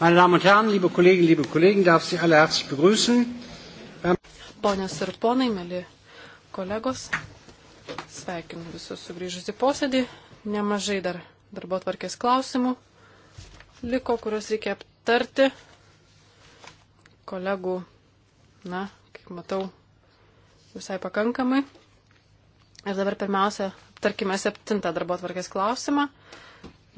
Meine Damen und Herren, liebe Kolleginnen, liebe Kollegen, darf Sie alle herzlich begrüßen. Ähm, Ponios ir ponai, mėly kolegos, sveikinu visus sugrįžus į posėdį. Nemažai dar darbo tvarkės klausimų liko, kuriuos reikia aptarti. Kolegų, na, kaip matau, visai pakankamai. Ir dabar pirmiausia, aptarkime septintą darbo tvarkės klausimą.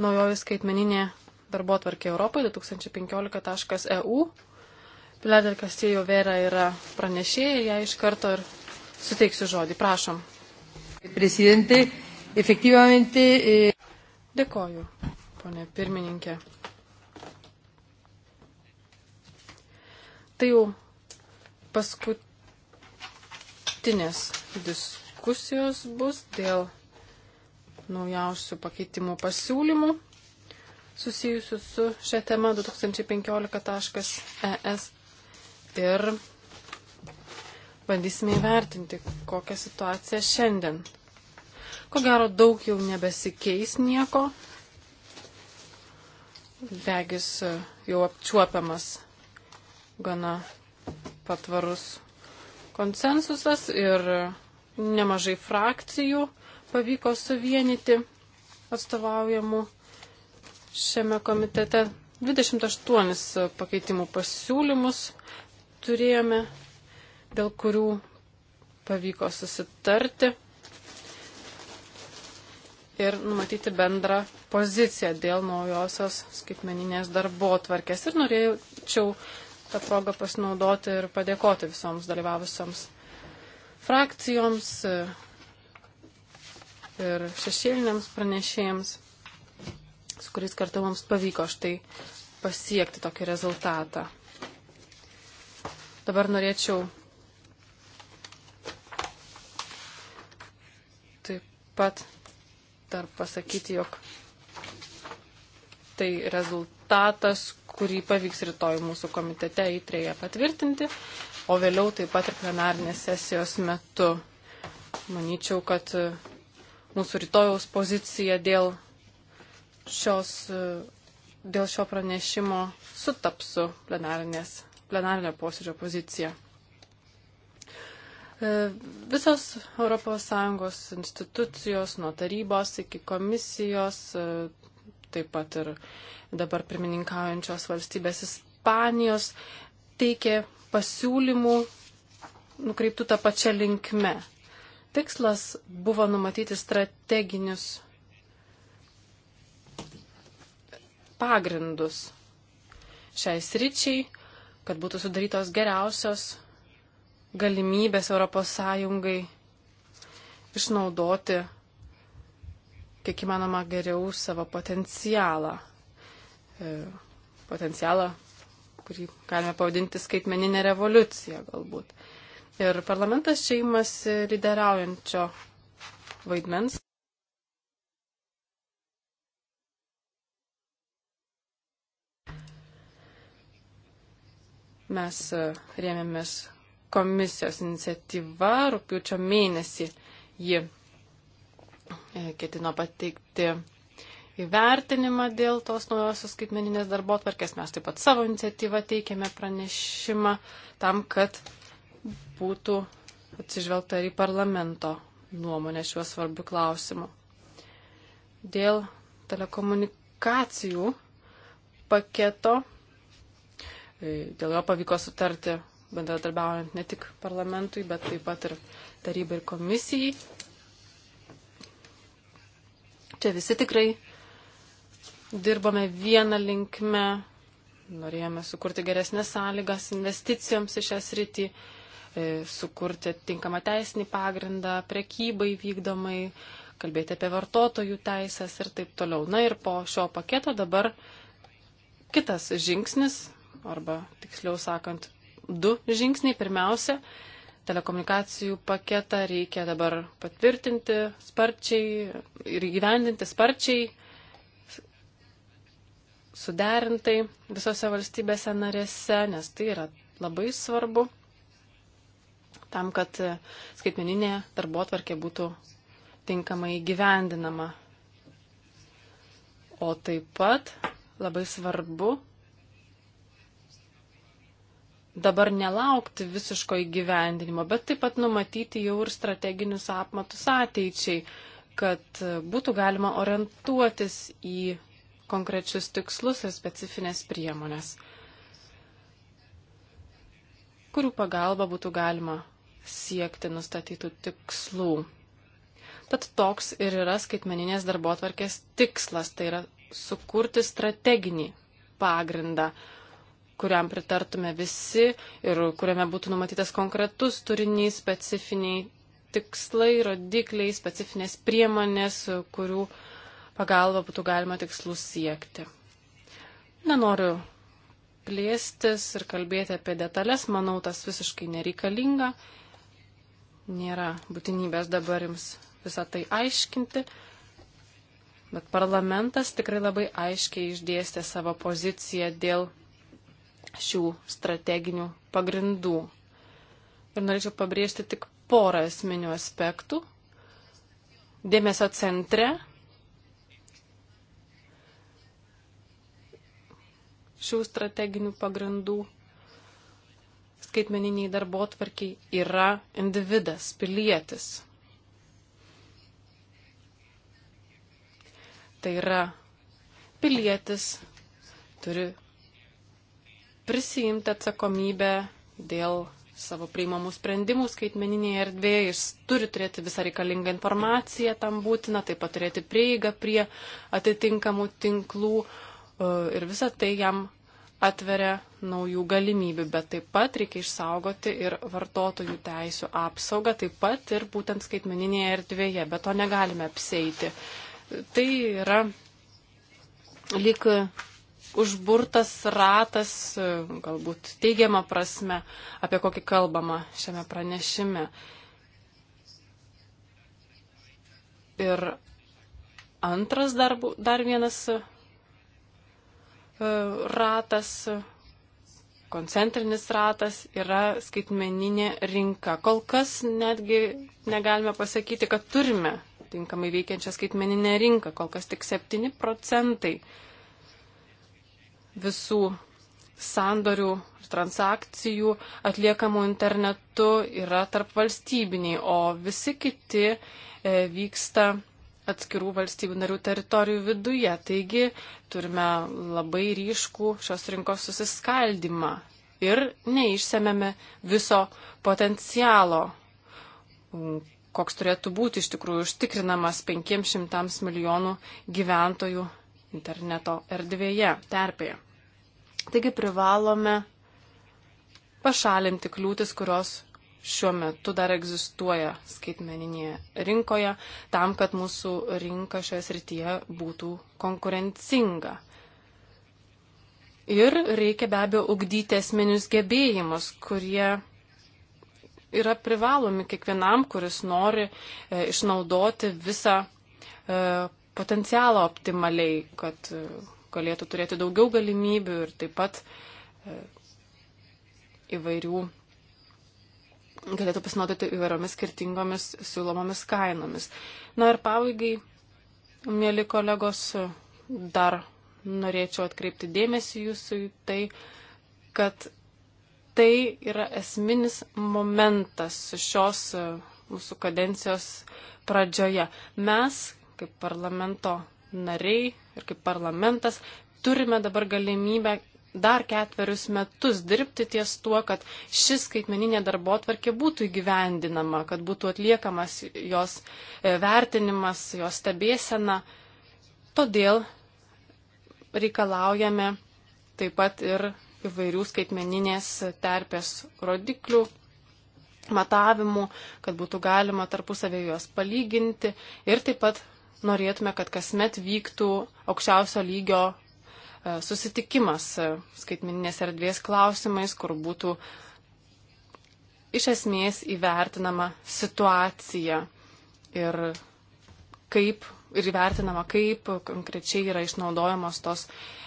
Naujoji skaitmeninė darbo atvarkė Europai 2015.eu. E Pilar del Castillo Vera yra pranešėja, ją iš karto ir suteiksiu žodį. Prašom. Presidente, efektyvamente. E... Eh, Dėkoju, ponė pirmininkė. Tai jau paskutinės diskusijos bus dėl naujausių pakeitimų pasiūlymų susijusių su šią temą 2015.es ir bandysime įvertinti, kokią situaciją šiandien. Ko gero, daug jau nebesikeis nieko. Regis jau apčiuopiamas gana patvarus konsensusas ir nemažai frakcijų pavyko suvienyti atstovaujamų šiame komitete. 28 pakeitimų pasiūlymus turėjome, dėl kurių pavyko susitarti ir numatyti bendrą poziciją dėl naujosios skaitmeninės darbo tvarkės. Ir norėčiau tą progą pasinaudoti ir padėkoti visoms dalyvavusioms frakcijoms ir šešėliniams pranešėjams su kuriais kartu mums pavyko štai pasiekti tokį rezultatą. Dabar norėčiau taip pat dar pasakyti, jog tai rezultatas, kurį pavyks rytoj mūsų komitete įtrėje patvirtinti, o vėliau taip pat ir plenarnės sesijos metu. Manyčiau, kad mūsų rytojaus pozicija dėl šios, e, dėl šio pranešimo sutaps su plenarinio posėdžio pozicija. E, visos ES institucijos, nuo tarybos iki komisijos, e, taip pat ir dabar pirmininkaujančios valstybės Ispanijos, teikė pasiūlymų nukreiptų tą pačią linkmę. Tikslas buvo numatyti strateginius pagrindus šiai sričiai, kad būtų sudarytos geriausios galimybės ES išnaudoti kiek įmanoma geriau savo potencialą. E, potencialą, kurį galime pavadinti skaitmeninę revoliuciją galbūt. Ir parlamentas čia įmasi lyderiaujančio vaidmens. Mes e, rėmėmės komisijos iniciatyva, rūpiučio mėnesį ji e, ketino pateikti įvertinimą dėl tos naujosios skaitmeninės darbo atvarkės. Mes taip pat savo iniciatyvą teikėme pranešimą tam, kad būtų atsižvelgta ir į parlamento nuomonę šiuo svarbiu klausimu. Dėl telekomunikacijų paketo E, dėl jo pavyko sutarti, bendradarbiaujant ne tik parlamentui, bet taip pat ir tarybai ir komisijai. Čia visi tikrai dirbame vieną linkmę, norėjome sukurti geresnės sąlygas investicijoms į šią sritį, e, sukurti tinkamą teisinį pagrindą prekybai vykdomai, kalbėti apie vartotojų teisės ir taip toliau. Na ir po šio paketo dabar kitas žingsnis arba tiksliau sakant, du žingsniai. Pirmiausia, telekomunikacijų paketą reikia dabar patvirtinti sparčiai ir įgyvendinti sparčiai, suderintai visose valstybėse narėse, nes tai yra labai svarbu tam, kad skaitmeninė darbo tvarkė būtų tinkamai įgyvendinama. O taip pat labai svarbu dabar nelaukti visiško įgyvendinimo, bet taip pat numatyti jau ir strateginius apmatus ateičiai, kad e, būtų galima orientuotis į konkrečius tikslus ir specifines priemonės, kurių pagalba būtų galima siekti nustatytų tikslų. Tad toks ir yra skaitmeninės darbo atvarkės tikslas, tai yra sukurti strateginį pagrindą kuriam pritartume visi ir kuriame būtų numatytas konkretus turinys, specifiniai tikslai, rodikliai, specifinės priemonės, kurių pagalba būtų galima tikslus siekti. Nenoriu plėstis ir kalbėti apie detalės, manau, tas visiškai nereikalinga. Nėra būtinybės dabar jums visą tai aiškinti. Bet parlamentas tikrai labai aiškiai išdėstė savo poziciją dėl šių strateginių pagrindų. Ir norėčiau pabrėžti tik porą esminių aspektų. Dėmesio centre šių strateginių pagrindų skaitmeniniai darbo tvarkiai yra individas, pilietis. Tai yra pilietis turi prisijimti atsakomybę dėl savo priimamų sprendimų skaitmeninėje erdvėje, jis turi turėti visą reikalingą informaciją, tam būtina taip pat turėti prieigą prie atitinkamų tinklų e, ir visą tai jam atveria naujų galimybių, bet taip pat reikia išsaugoti ir vartotojų teisų apsaugą, taip pat ir būtent skaitmeninėje erdvėje, bet to negalime apseiti. Tai yra lyg užburtas ratas, galbūt teigiama prasme, apie kokį kalbama šiame pranešime. Ir antras dar, dar vienas e, ratas, koncentrinis ratas yra skaitmeninė rinka. Kol kas netgi negalime pasakyti, kad turime tinkamai veikiančią skaitmeninę rinką. Kol kas tik 7 procentai uh, visų sandorių ir transakcijų atliekamų internetu yra tarp valstybiniai, o visi kiti e, vyksta atskirų valstybių narių teritorijų viduje. Taigi turime labai ryškų šios rinkos susiskaldimą ir neišsemiame viso potencialo, koks turėtų būti iš tikrųjų užtikrinamas 500 milijonų gyventojų interneto erdvėje, terpėje. Taigi privalome pašalinti kliūtis, kurios šiuo metu dar egzistuoja skaitmeninėje rinkoje, tam, kad mūsų rinka šioje srityje būtų konkurencinga. Ir reikia be abejo ugdyti esminius gebėjimus, kurie yra privalomi kiekvienam, kuris nori e, išnaudoti visą e, potencialą optimaliai, kad e, galėtų turėti daugiau galimybių ir taip pat e, įvairių galėtų pasinaudoti įvairiomis skirtingomis siūlomomis kainomis. Na ir pabaigai, mėly kolegos, dar norėčiau atkreipti dėmesį jūsų į tai, kad tai yra esminis momentas šios e, mūsų kadencijos pradžioje. Mes kaip parlamento nariai ir kaip parlamentas turime dabar galimybę dar ketverius metus dirbti ties tuo, kad ši skaitmeninė darbo atvarkė būtų įgyvendinama, kad būtų atliekamas jos e, vertinimas, jos stebėsena. Todėl reikalaujame taip pat ir įvairių skaitmeninės terpės rodiklių matavimų, kad būtų galima tarpusavėje juos palyginti ir taip pat norėtume, kad kasmet vyktų aukščiausio lygio e, susitikimas e, skaitmininės erdvės klausimais, kur būtų iš esmės įvertinama situacija ir kaip ir įvertinama, kaip konkrečiai yra išnaudojamos tos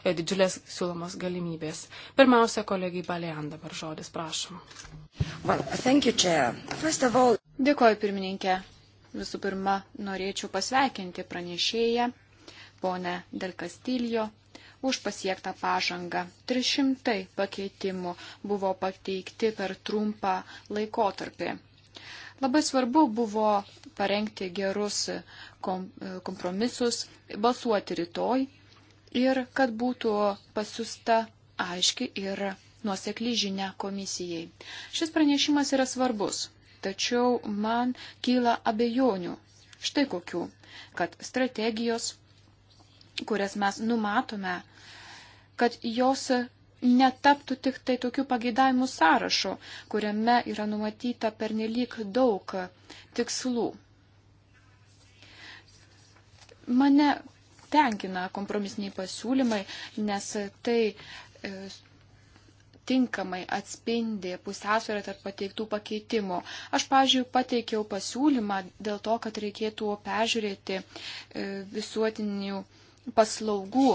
e, didžiulės siūlomos galimybės. Pirmiausia, kolegai Balian dabar žodis, prašom. Well, you, all... Dėkuoju, pirmininkė. Visų pirma, norėčiau pasveikinti pranešėją, ponę Del Castillo, už pasiektą pažangą. 300 pakeitimų buvo pateikti per trumpą laikotarpį. Labai svarbu buvo parengti gerus kompromisus, balsuoti rytoj ir kad būtų pasiusta aiški ir nuosekli žinia komisijai. Šis pranešimas yra svarbus tačiau man kyla abejonių. Štai kokių, kad strategijos, kurias mes numatome, kad jos netaptų tik tai tokių pageidavimų sąrašo, kuriame yra numatyta pernelyg daug tikslų. Mane tenkina kompromisiniai pasiūlymai, nes tai e, tinkamai atspindi pusiausvyrą tarp pateiktų pakeitimų. Aš, pažiūrėjau, pateikiau pasiūlymą dėl to, kad reikėtų peržiūrėti e, visuotinių paslaugų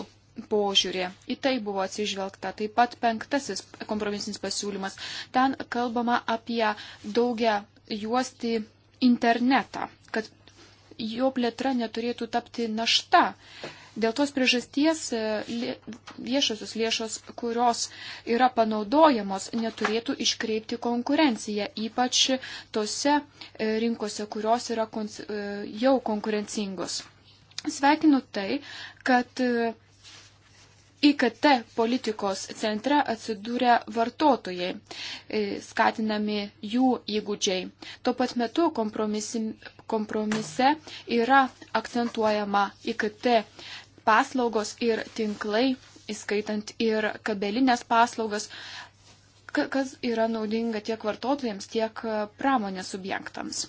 požiūrį. Į tai buvo atsižvelgta. Taip pat penktasis kompromisinis pasiūlymas. Ten kalbama apie daugia juosti internetą, kad jo plėtra neturėtų tapti našta Dėl tos priežasties e, viešosios lėšos, kurios yra panaudojamos, neturėtų iškreipti konkurenciją, ypač tose e, rinkose, kurios yra e, jau konkurencingos. Sveikinu tai, kad IKT politikos centre atsidūrė vartotojai, skatinami jų įgūdžiai. Tuo pat metu kompromise yra akcentuojama IKT paslaugos ir tinklai, įskaitant ir kabelinės paslaugas, kas yra naudinga tiek vartotojams, tiek e, pramonės subjektams.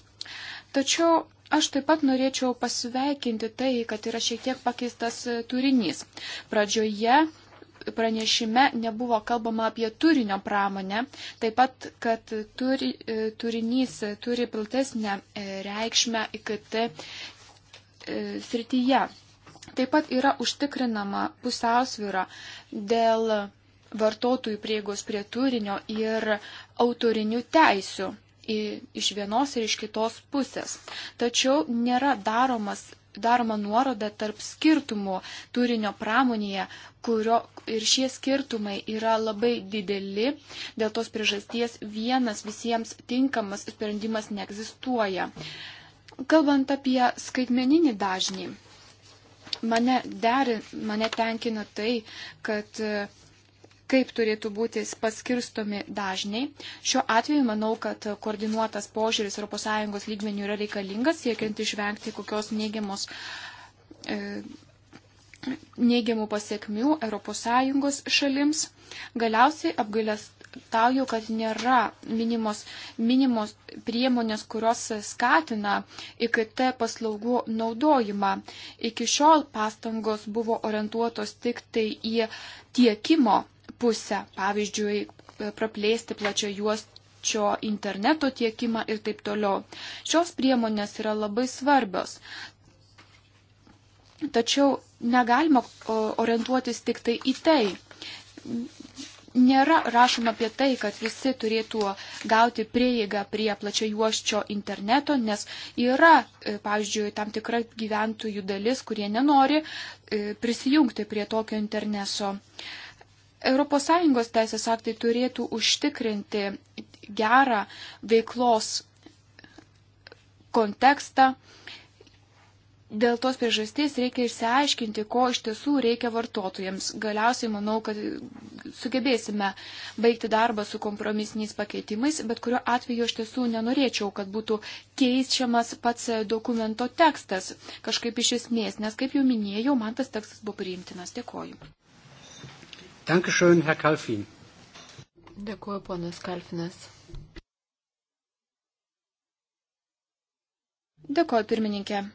Tačiau aš taip pat norėčiau pasveikinti tai, kad yra šiek tiek pakeistas e, turinys. Pradžioje pranešime nebuvo kalbama apie turinio pramonę, taip pat, kad turi, e, turinys turi platesnę reikšmę IKT srityje. Taip pat yra užtikrinama pusiausvyra dėl vartotojų prieigos prie turinio ir autorinių teisių iš vienos ir iš kitos pusės. Tačiau nėra daromas, daroma nuoroda tarp skirtumų turinio pramonėje, kurio ir šie skirtumai yra labai dideli, dėl tos priežasties vienas visiems tinkamas sprendimas neegzistuoja. Kalbant apie skaitmeninį dažnį, Mane, derin, mane tenkina tai, kad e, kaip turėtų būti paskirstomi dažniai. Šiuo atveju manau, kad koordinuotas požiūris ES lygmenių yra reikalingas, siekiant išvengti kokios neigiamos. E, neigiamų pasiekmių ES šalims. Galiausiai apgailės, apgailestauju, kad nėra minimos, minimos priemonės, kurios skatina IKT paslaugų naudojimą. Iki šiol pastangos buvo orientuotos tik tai į tiekimo pusę, pavyzdžiui, praplėsti plačio juos plačio interneto tiekimą ir taip toliau. Šios priemonės yra labai svarbios. Tačiau negalima orientuotis tik tai į tai nėra rašoma apie tai, kad visi turėtų gauti prieigą prie plačio juoščio interneto, nes yra, e, pavyzdžiui, tam tikra gyventojų dalis, kurie nenori e, prisijungti prie tokio interneto. ES teisės aktai turėtų užtikrinti gerą veiklos kontekstą, dėl tos priežasties reikia išsiaiškinti, ko iš tiesų reikia vartotojams. Galiausiai manau, kad sugebėsime baigti darbą su kompromisiniais pakeitimais, bet kuriuo atveju aš tiesų nenorėčiau, kad būtų keičiamas pats dokumento tekstas kažkaip iš esmės, nes, kaip jau minėjau, man tas tekstas buvo priimtinas. Dėkoju. Dankeschön, Herr Kalfin. Dėkuoju, ponas Kalfinas. Dėkuoju, pirmininkė.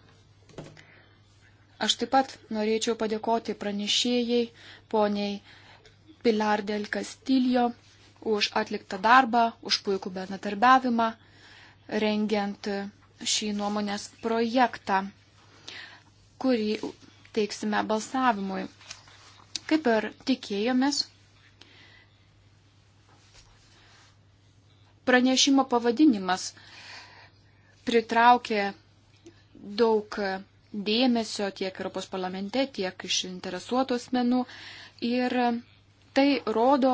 Aš taip pat norėčiau padėkoti pranešėjai, poniai Pilar del Castillo, už atliktą darbą, už puikų bendradarbiavimą, rengiant šį nuomonės projektą, kurį teiksime balsavimui. Kaip ir tikėjomės, pranešimo pavadinimas pritraukė daug dėmesio tiek Europos parlamente, tiek iš interesuotų asmenų. Ir tai rodo,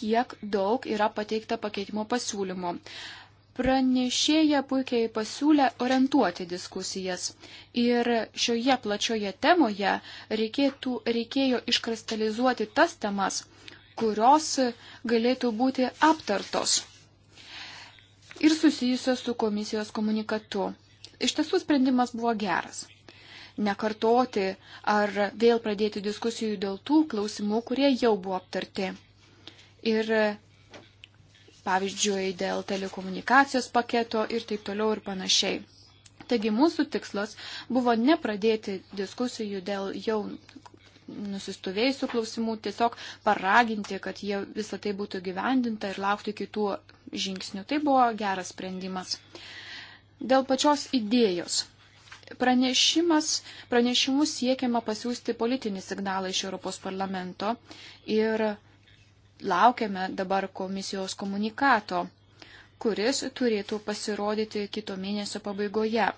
kiek daug yra pateikta pakeitimo pasiūlymo. Pranešėja puikiai pasiūlė orientuoti diskusijas. Ir šioje plačioje temoje reikėtų, reikėjo iškristalizuoti tas temas, kurios galėtų būti aptartos ir susijusios su komisijos komunikatu iš tiesų sprendimas buvo geras. Nekartoti ar vėl pradėti diskusijų dėl tų klausimų, kurie jau buvo aptarti. Ir pavyzdžiui, dėl telekomunikacijos paketo ir taip toliau ir panašiai. Taigi mūsų tikslas buvo nepradėti diskusijų dėl jau nusistovėjusių klausimų, tiesiog paraginti, kad jie visą tai būtų gyvendinta ir laukti kitų žingsnių. Tai buvo geras sprendimas. Dėl pačios idėjos. Pranešimas, pranešimus siekiama pasiūsti politinį signalą iš Europos parlamento ir laukiame dabar komisijos komunikato, kuris turėtų pasirodyti kito mėnesio pabaigoje.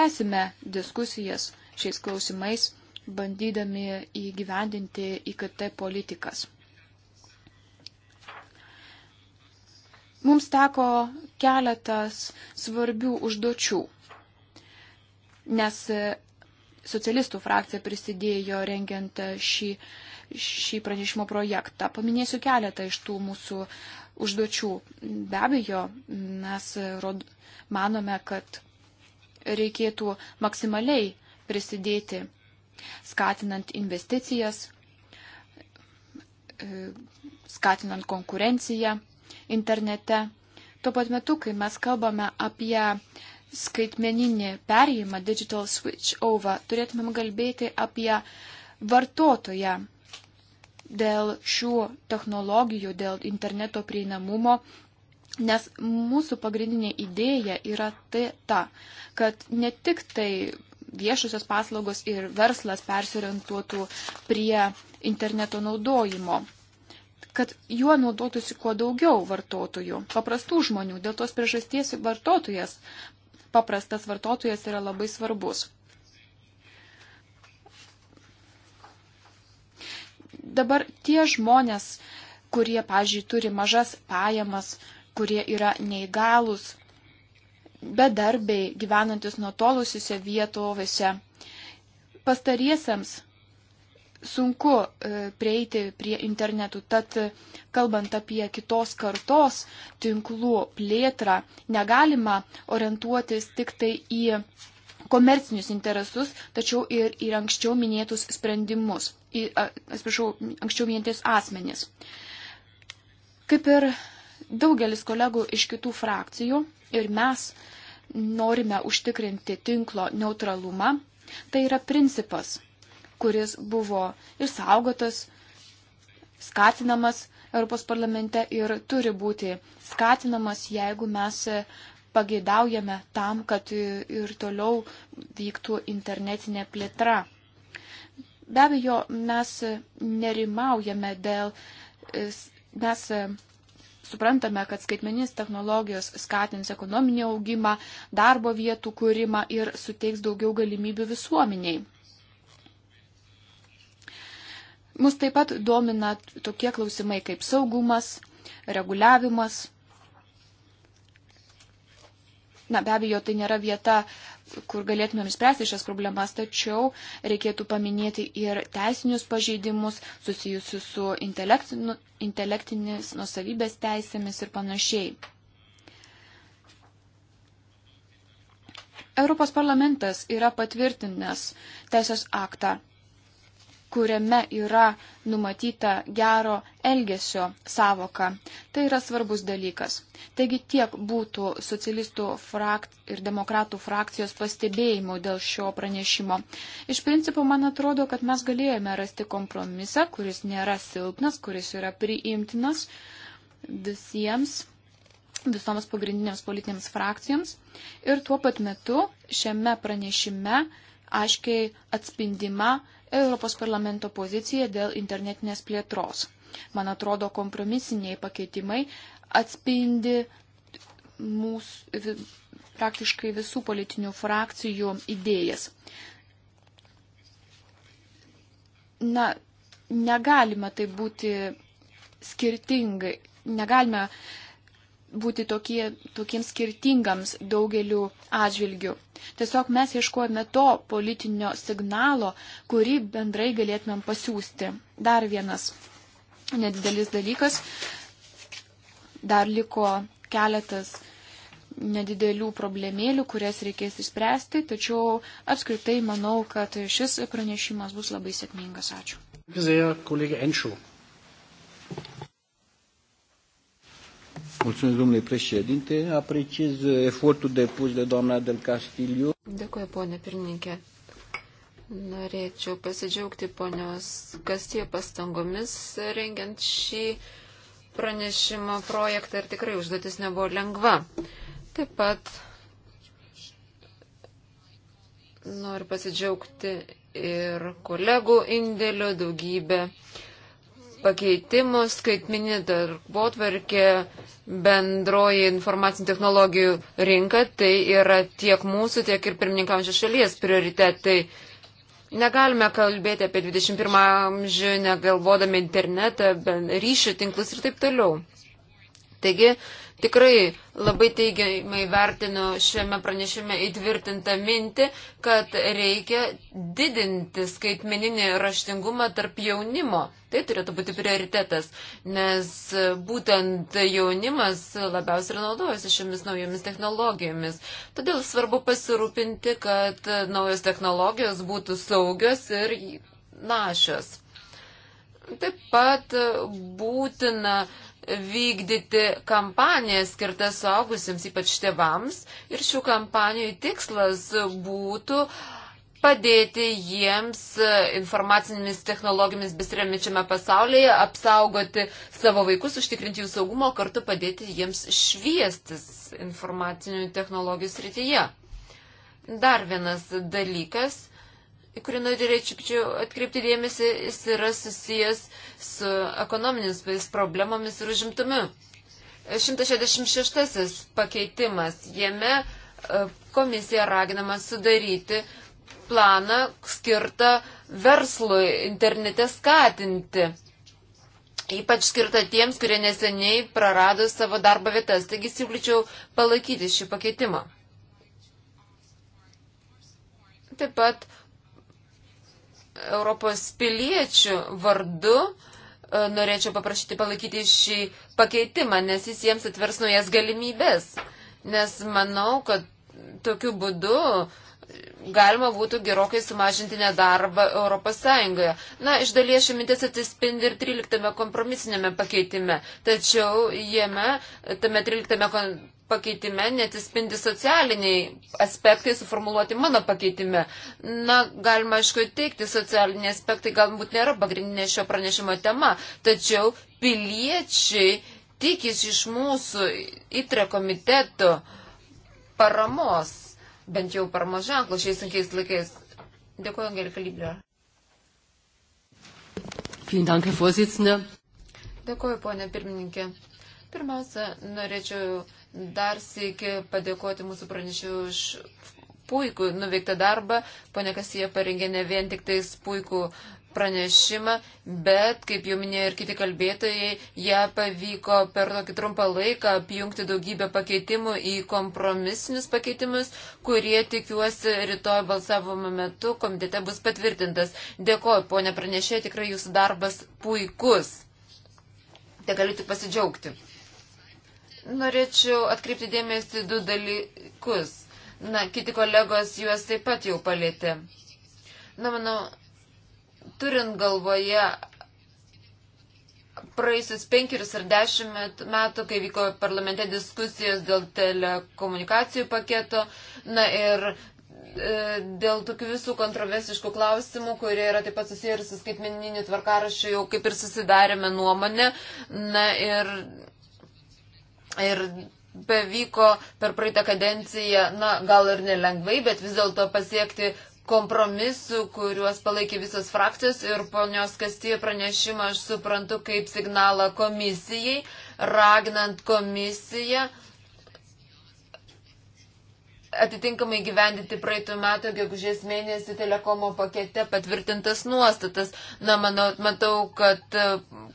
Tęsime diskusijas šiais klausimais, bandydami įgyvendinti IKT politikas. Mums teko keletas svarbių užduočių, nes socialistų frakcija prisidėjo rengiant šį, šį pranešimo projektą. Paminėsiu keletą iš tų mūsų užduočių. Be abejo, mes rod, manome, kad reikėtų maksimaliai prisidėti, skatinant investicijas, skatinant konkurenciją internete. Tuo pat metu, kai mes kalbame apie skaitmeninį perėjimą, digital switch over, turėtumėm kalbėti apie vartotoją dėl šių technologijų, dėl interneto prieinamumo, nes mūsų pagrindinė idėja yra tai ta, kad ne tik tai viešusios paslaugos ir verslas persiorientuotų prie interneto naudojimo kad juo naudotųsi kuo daugiau vartotojų, paprastų žmonių. Dėl tos priežasties vartotojas, paprastas vartotojas yra labai svarbus. Dabar tie žmonės, kurie, pažiūrėjau, turi mažas pajamas, kurie yra neįgalus, bedarbiai, gyvenantis nuotolusiuose vietovėse, pastariesiems sunku e, prieiti prie internetų, tad e, kalbant apie kitos kartos tinklų plėtrą, negalima orientuotis tik tai į komercinius interesus, tačiau ir į anksčiau minėtus sprendimus, į, atsiprašau, anksčiau minėtus asmenis. Kaip ir daugelis kolegų iš kitų frakcijų ir mes norime užtikrinti tinklo neutralumą, tai yra principas kuris buvo išsaugotas, skatinamas Europos parlamente ir turi būti skatinamas, jeigu mes pageidaujame tam, kad ir toliau vyktų internetinė plėtra. Be abejo, mes nerimaujame dėl, mes suprantame, kad skaitmeninės technologijos skatins ekonominį augimą, darbo vietų kūrimą ir suteiks daugiau galimybių visuomeniai. Mus taip pat domina tokie klausimai kaip saugumas, reguliavimas. Na, be abejo, tai nėra vieta, kur galėtumėm spręsti šias problemas, tačiau reikėtų paminėti ir teisinius pažeidimus susijusius su nu, intelektinis nusavybės teisėmis ir panašiai. Europos parlamentas yra patvirtinęs teisės aktą kuriame yra numatyta gero elgesio savoka. Tai yra svarbus dalykas. Taigi tiek būtų socialistų frakt ir demokratų frakcijos pastebėjimų dėl šio pranešimo. Iš principo, man atrodo, kad mes galėjome rasti kompromisą, kuris nėra silpnas, kuris yra priimtinas visiems visoms pagrindinėms politinėms frakcijoms ir tuo pat metu šiame pranešime aiškiai atspindima uh, Europos parlamento poziciją dėl internetinės plėtros. Man atrodo, kompromisiniai pakeitimai atspindi mūsų praktiškai visų politinių frakcijų idėjas. Na, negalime tai būti skirtingai, negalime uh, būti tokie, tokiems skirtingams daugeliu atžvilgių. Tiesiog mes ieškojame to politinio signalo, kurį bendrai galėtumėm pasiūsti. Dar vienas nedidelis dalykas. Dar liko keletas nedidelių problemėlių, kurias reikės išspręsti, tačiau apskritai manau, kad šis pranešimas bus labai sėkmingas. Ačiū. Sehr, Mulțumesc, domnule președinte. Apreciez efortul depus de doamna Del Castillo. Dėkuoju, ponė pirmininkė. Norėčiau pasidžiaugti ponios Kastie pastangomis rengiant šį pranešimo projektą ir tikrai užduotis nebuvo lengva. Taip pat noriu pasidžiaugti ir kolegų indėlio daugybę. Uh, pakeitimus, skaitminė darbotvarkė, bendroji informacinių technologijų rinka, tai yra tiek mūsų, tiek ir pirmininkaujančios šalies prioritetai. Negalime kalbėti apie 21 amžių, negalvodami internetą, ryšių tinklus ir taip toliau. Taigi, Tikrai labai teigiamai vertinu šiame pranešime įtvirtintą mintį, kad reikia didinti skaitmeninį raštingumą tarp jaunimo. Tai turėtų būti prioritetas, nes būtent jaunimas labiausiai ir naudojasi šiomis naujomis technologijomis. Todėl svarbu pasirūpinti, kad naujos technologijos būtų saugios ir našios. Taip pat būtina vykdyti kampanijas skirtas suaugusiems, ypač tėvams. Ir šių kampanijų tikslas būtų padėti jiems informacinėmis technologijomis besiremičiame pasaulyje, apsaugoti savo vaikus, užtikrinti jų saugumo, kartu padėti jiems šviestis informacinių technologijų srityje. Dar vienas dalykas į kurį norėčiau atkreipti dėmesį, jis yra susijęs su ekonominis problemomis ir užimtumu. 166 pakeitimas. Jame e, komisija raginama sudaryti planą skirtą verslui internete skatinti. Ypač skirta tiems, kurie neseniai prarado savo darbo vietas. Taigi siūlyčiau palaikyti šį pakeitimą. Taip pat Europos piliečių vardu e, norėčiau paprašyti palaikyti šį pakeitimą, nes jis jiems atvers naujas galimybės. Nes manau, kad tokiu būdu galima būtų gerokai sumažinti nedarbą Europos Sąjungoje. Na, iš dalies ši mintis atsispindi ir 13 kompromisinėme pakeitime, tačiau jame, tame 13 pakeitime netispindi socialiniai aspektai suformuluoti mano pakeitime. Na, galima aišku teikti, socialiniai aspektai galbūt nėra pagrindinė šio pranešimo tema, tačiau piliečiai tikisi iš mūsų įtre komiteto paramos bent jau paramos ženklų šiais sunkiais laikais. Dėkuoju, Angelika Lyglio. Dėkuoju, ponė pirmininkė. Pirmiausia, norėčiau dar sėki padėkoti mūsų pranešiu už puikų nuveiktą darbą. Pone Kasija parengė ne vien tik tais puikų uh, pranešimą, bet, kaip jau minėjo ir kiti kalbėtojai, ją pavyko per tokį trumpą laiką apjungti daugybę pakeitimų į kompromisinius pakeitimus, kurie, tikiuosi, rytoj balsavimo metu komitete bus patvirtintas. Dėkoju, ponė pranešė, tikrai jūsų darbas puikus. Te galiu tik pasidžiaugti. Norėčiau atkreipti dėmesį du dalykus. Na, kiti kolegos juos taip pat jau palėtė. Na, manau, turint galvoje praeisius penkerius ar dešimt metų, kai vyko parlamente diskusijos dėl telekomunikacijų paketo, na ir e, dėl tokių visų kontroversiškų klausimų, kurie yra taip pat susiję ir su skaitmeniniu tvarkarašiu, jau kaip ir susidarėme nuomonę. Na ir, ir bevyko per praeitą kadenciją, na gal ir nelengvai, bet vis dėlto pasiekti kompromisų, kuriuos palaikė visos frakcijos ir ponios Kastijo pranešimą aš suprantu kaip signalą komisijai, ragnant komisiją atitinkamai gyvendyti praeitų metų gegužės mėnesį telekomo pakete patvirtintas nuostatas. Na, manau, matau, kad e,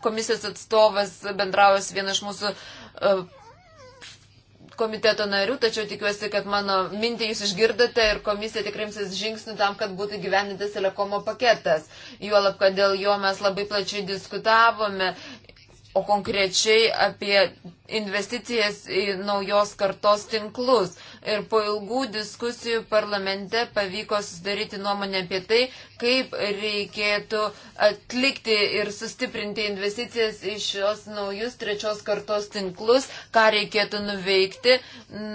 komisijos atstovas bendraus vienas iš mūsų e, komiteto narių, tačiau tikiuosi, kad mano mintį jūs išgirdote ir komisija tikrai imsis žingsnių tam, kad būtų gyvenintas telekomo paketas. Juolab, kad dėl jo mes labai plačiai diskutavome, o konkrečiai apie investicijas į naujos kartos tinklus. Ir po ilgų diskusijų parlamente pavyko susidaryti nuomonę apie tai, kaip reikėtų atlikti ir sustiprinti investicijas į šios naujus trečios kartos tinklus, ką reikėtų nuveikti.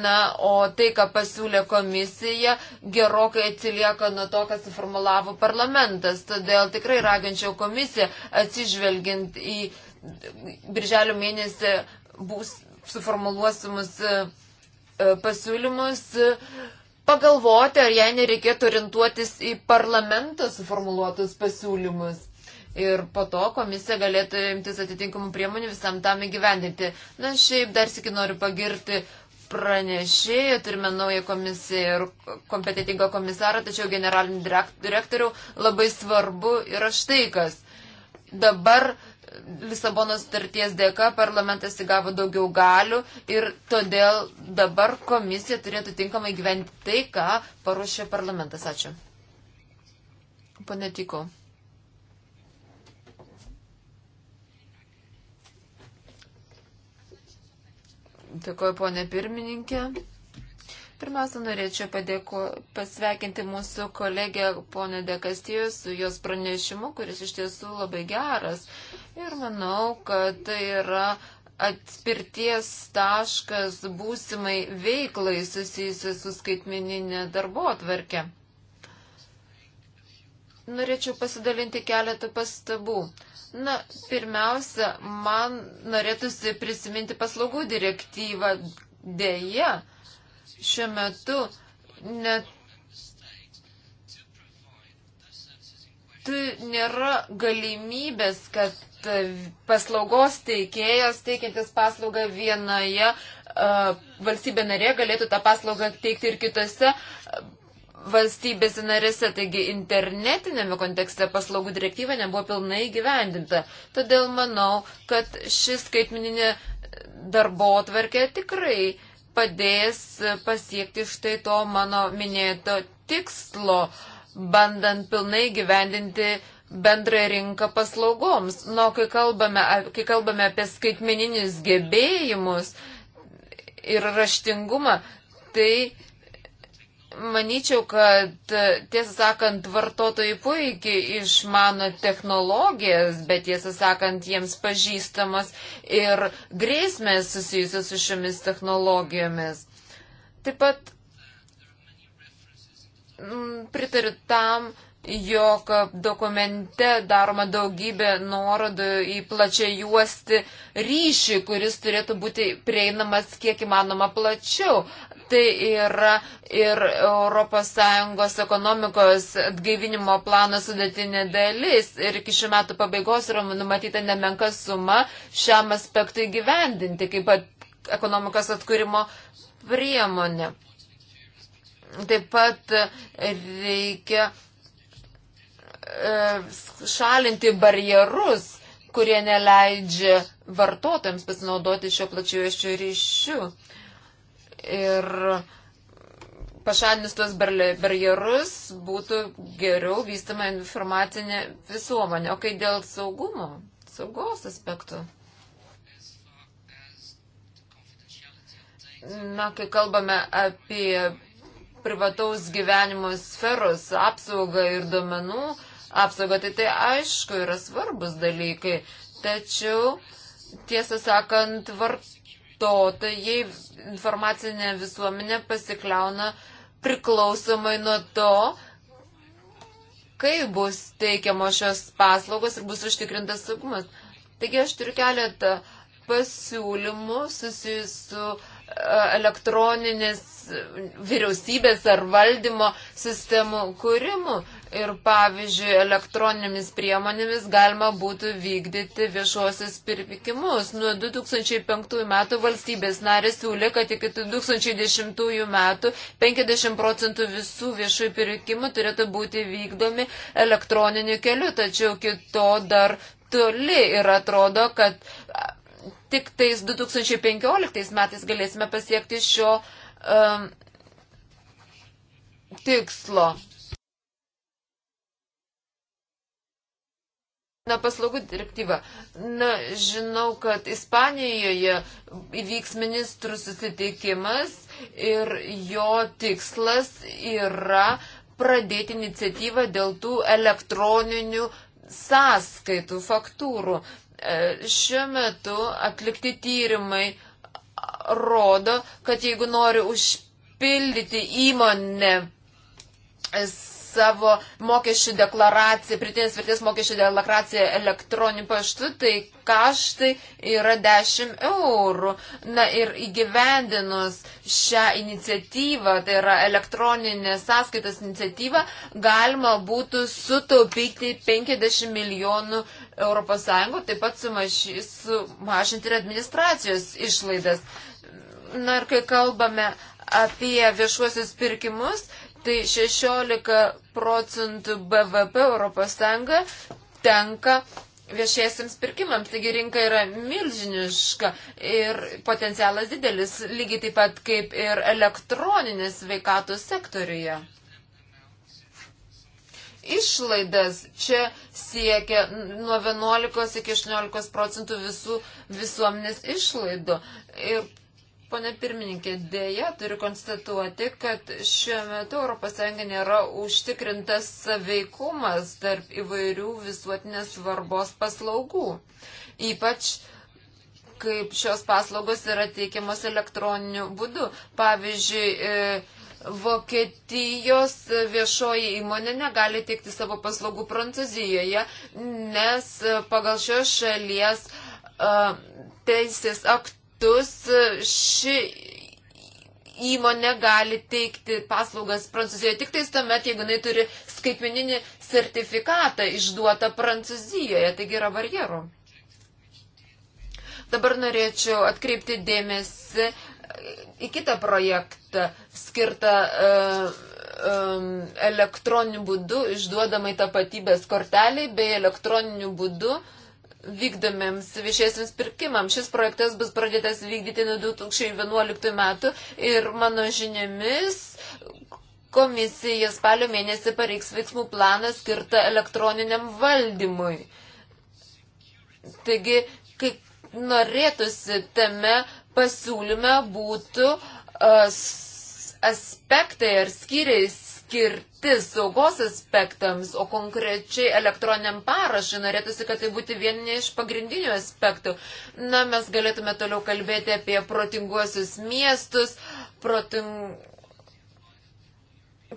Na, o tai, ką pasiūlė komisija, gerokai atsilieka nuo to, ką suformulavo parlamentas. Todėl tikrai raginčiau komisiją atsižvelgiant į birželio mėnesį bus suformuluosimus e, e, pasiūlymus, e, pagalvoti, ar jai nereikėtų orientuotis į parlamento suformuluotus pasiūlymus. Ir po to komisija galėtų imtis atitinkamų priemonių visam tam įgyvendinti. Na, šiaip dar sėki noriu pagirti pranešėjų, turime naują komisiją ir kompetitingą komisarą, tačiau generalinį direktorių labai svarbu yra štai kas. Dabar Lisabonos starties dėka parlamentas įgavo daugiau galių ir todėl dabar komisija turėtų tinkamai gyventi tai, ką paruošė parlamentas. Ačiū. Pane Tiko. Dėkuoju, ponė pirmininkė. Pirmiausia, norėčiau padėko, pasveikinti mūsų kolegę ponę Dekastijus su jos pranešimu, kuris iš tiesų labai geras. Ir manau, kad tai yra atspirties taškas būsimai veiklai susijusi su skaitmeninė darbo atverkė. Norėčiau pasidalinti keletą pastabų. Na, pirmiausia, man norėtųsi prisiminti paslaugų direktyvą dėje. Ja, šiuo metu net nėra galimybės, kad paslaugos teikėjas, teikiantis paslaugą vienoje valstybė narė, galėtų tą paslaugą teikti ir kitose valstybėse narėse, taigi internetinėme kontekste paslaugų direktyva nebuvo pilnai gyvendinta. Todėl manau, kad šis skaitmininė darbo tvarkė tikrai padės pasiekti štai to mano minėto tikslo, bandant pilnai gyvendinti bendrą rinką paslaugoms. Nu, kai kalbame, kai kalbame apie skaitmeninius gebėjimus ir raštingumą, tai Maničiau, kad tiesą sakant, vartotojai puikiai išmano technologijas, bet tiesą sakant, jiems pažįstamas ir grėsmės susijusios su šiomis technologijomis. Taip pat mm, pritariu tam, jog dokumente daroma daugybė nuorodų į plačiai juosti ryšį, kuris turėtų būti prieinamas kiek įmanoma plačiau. Tai yra ir ES ekonomikos atgaivinimo plano sudėtinė dalis ir iki šių metų pabaigos yra numatyta nemenka suma šiam aspektui gyvendinti kaip ekonomikos atkūrimo priemonė. Taip pat reikia e, šalinti barjerus, kurie neleidžia vartotojams pasinaudoti šio plačiojo ryšiu ir pašalinus tuos barjerus būtų geriau vystama informacinė visuomonė. O kai dėl saugumo, saugos aspektų. Na, kai kalbame apie privataus gyvenimo sferos apsaugą ir domenų apsaugą, tai tai aišku yra svarbus dalykai. Tačiau, tiesą sakant, vart vartotojai informacinė visuomenė pasikliauna priklausomai nuo to, kaip bus teikiamos šios paslaugos ir bus užtikrintas saugumas. Taigi aš turiu keletą pasiūlymų susijusių e, elektroninės e, vyriausybės ar valdymo sistemų kūrimu ir pavyzdžiui elektroninėmis priemonėmis galima būtų vykdyti viešuosius pirkimus. Nuo 2005 metų valstybės narės siūlė, kad iki 2010 metų 50 procentų visų viešųjų pirkimų turėtų būti vykdomi elektroniniu keliu, tačiau kito dar toli ir atrodo, kad tik tais 2015 metais galėsime pasiekti šio um, tikslo. Na, paslaugų direktyva. Na, žinau, kad Ispanijoje įvyks ministrų susitikimas ir jo tikslas yra pradėti iniciatyvą dėl tų elektroninių sąskaitų, faktūrų. E, šiuo metu atlikti tyrimai rodo, kad jeigu nori užpildyti įmonę savo mokesčių deklaraciją, pritinės vertės mokesčių deklaraciją elektroniniu paštu, tai kaštai yra 10 eurų. Na ir įgyvendinus šią iniciatyvą, tai yra elektroninė sąskaitas iniciatyva, galima būtų sutaupyti 50 milijonų ES, taip pat sumažinti sumažint ir administracijos išlaidas. Na ir kai kalbame apie viešuosius pirkimus, tai 16 procentų BVP ES tenka viešiesiams pirkimams. Taigi rinka yra milžiniška ir potencialas didelis, lygiai taip pat kaip ir elektroninės veikatos sektoriuje. Išlaidas čia siekia nuo 11 iki 18 procentų visų visuomenės išlaidų. Ir Pone pirmininkė, dėja turiu konstatuoti, kad šiuo metu ES nėra užtikrintas veikumas tarp įvairių visuotinės svarbos paslaugų. Ypač kaip šios paslaugos yra teikiamos elektroniniu būdu. Pavyzdžiui, e, Vokietijos viešoji įmonė negali teikti savo paslaugų Prancūzijoje, nes e, pagal šios šalies e, teisės aktus metus e, ši įmonė gali teikti paslaugas Prancūzijoje tik tais tuomet, jeigu jinai turi skaitmeninį sertifikatą išduotą Prancūzijoje, taigi yra barjerų. Dabar norėčiau atkreipti dėmesį e, į kitą projektą skirtą uh, um, elektroniniu būdu išduodamai tapatybės korteliai bei elektroniniu būdu uh, vykdomiems viešiesiams pirkimams. Šis projektas bus pradėtas vykdyti nuo 2011 metų ir mano žiniomis komisija spalio mėnesį pareiks veiksmų planą skirtą elektroniniam valdymui. Taigi, kaip norėtųsi tame pasiūlyme būtų uh, aspektai ar skyriais skirtis saugos aspektams, o konkrečiai elektroniniam parašui norėtųsi, kad tai būtų vieni iš pagrindinių aspektų. Na, mes galėtume toliau kalbėti apie protinguosius miestus, proting...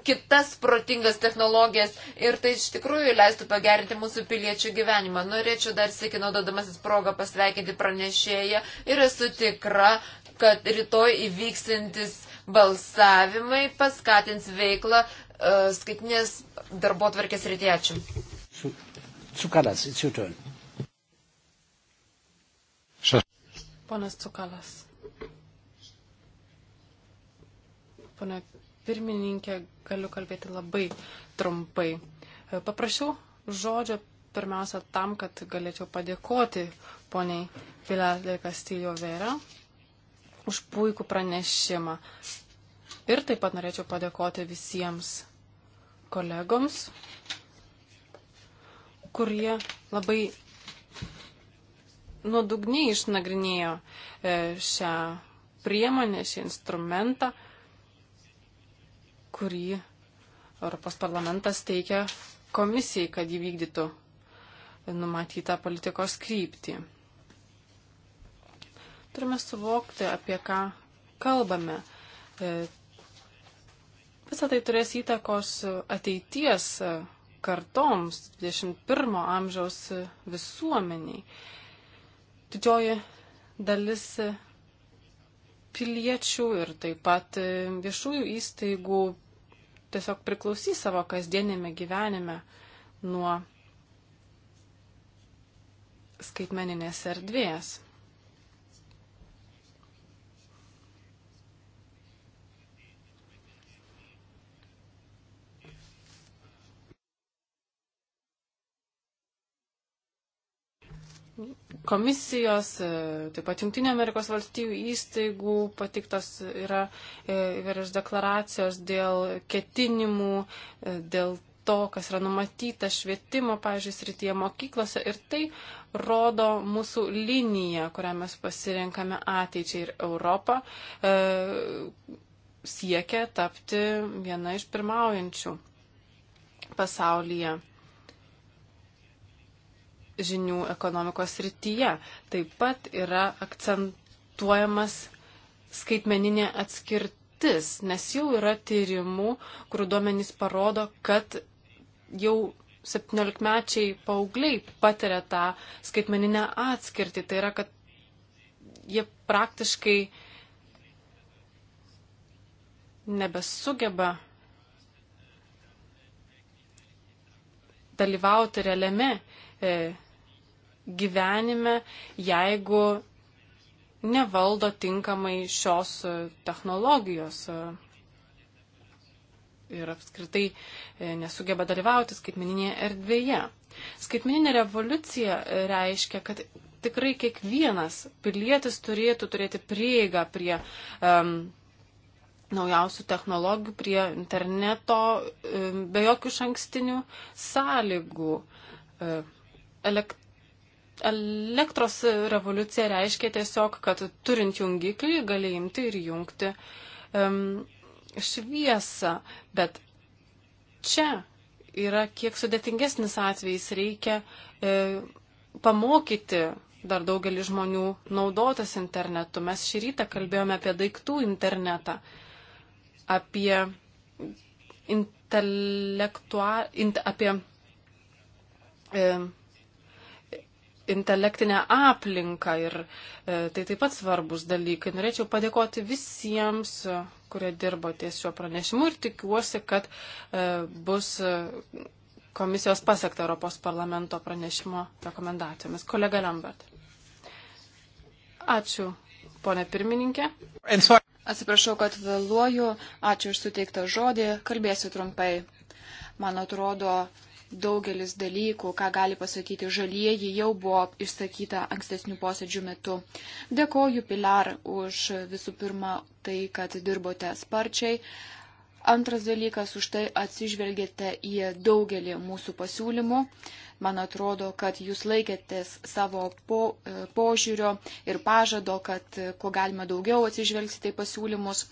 kitas protingas technologijas ir tai iš tikrųjų leistų pagerinti mūsų piliečių gyvenimą. Norėčiau dar sėki naudodamasis progą pasveikinti pranešėją ir esu tikra, kad rytoj įvyksintis balsavimai paskatins veiklą E, skaitinės darbo tvarkės rytyje. Ačiū. Cukalas, it's your turn. Ponas Cukalas. Pone pirmininkė, galiu kalbėti labai trumpai. E, paprašiau žodžio pirmiausia tam, kad galėčiau padėkoti poniai Pilar del Castillo Vera už puikų pranešimą. Ir taip pat norėčiau padėkoti visiems kolegoms, kurie labai nuodugniai išnagrinėjo e, šią priemonę, šį instrumentą, kurį Europos parlamentas teikia komisijai, kad įvykdytų numatytą politikos kryptį. Turime suvokti, apie ką kalbame. E, Visą tai turės įtakos ateities kartoms, 21 amžiaus visuomeniai. Didžioji dalis piliečių ir taip pat viešųjų įstaigų tiesiog priklausys savo kasdienėme gyvenime nuo skaitmeninės erdvės. komisijos, e, taip pat Junktinio Amerikos valstybių įstaigų patiktos yra e, įvairios deklaracijos dėl ketinimų, e, dėl to, kas yra numatyta švietimo, pavyzdžiui, srityje mokyklose. Ir tai rodo mūsų liniją, kurią mes pasirenkame ateičiai ir Europą e, siekia tapti viena iš pirmaujančių pasaulyje žinių ekonomikos rytyje. Taip pat yra akcentuojamas skaitmeninė atskirtis, nes jau yra tyrimų, kurių duomenys parodo, kad jau 17-mečiai paaugliai patiria tą skaitmeninę atskirtį. Tai yra, kad jie praktiškai nebesugeba dalyvauti realiame e, gyvenime, jeigu nevaldo tinkamai šios e, technologijos e, ir apskritai e, nesugeba dalyvauti skaitmeninėje erdvėje. Skaitmeninė revoliucija reiškia, kad tikrai kiekvienas pilietis turėtų turėti prieigą prie um, naujausių technologijų, prie interneto, um, be jokių šankstinių sąlygų. Um, elekt elektros revoliucija reiškia tiesiog, kad turint jungiklį gali imti ir jungti um, šviesą, bet čia yra kiek sudėtingesnis atvejis, reikia e, pamokyti dar daugelį žmonių naudotis internetu. Mes šį rytą kalbėjome apie daiktų internetą, apie, intelektua, in, apie e, intelektinę aplinką ir e, tai taip pat svarbus dalykai. Norėčiau padėkoti visiems, e, kurie dirbo ties šiuo pranešimu ir tikiuosi, kad e, bus e, komisijos pasiekta Europos parlamento pranešimo rekomendacijomis. Kolega Lambert. Ačiū, ponė pirmininkė. Atsiprašau, kad vėluoju. Ačiū už suteiktą žodį. Kalbėsiu trumpai. Man atrodo, Daugelis dalykų, ką gali pasakyti žalieji, jau buvo išsakyta ankstesnių posėdžių metu. Dėkoju Pilar už visų pirma tai, kad dirbote sparčiai. Antras dalykas, už tai atsižvelgėte į daugelį mūsų pasiūlymų. Man atrodo, kad jūs laikėtės savo po, e, požiūrio ir pažado, kad e, kuo galima daugiau atsižvelgsite į pasiūlymus.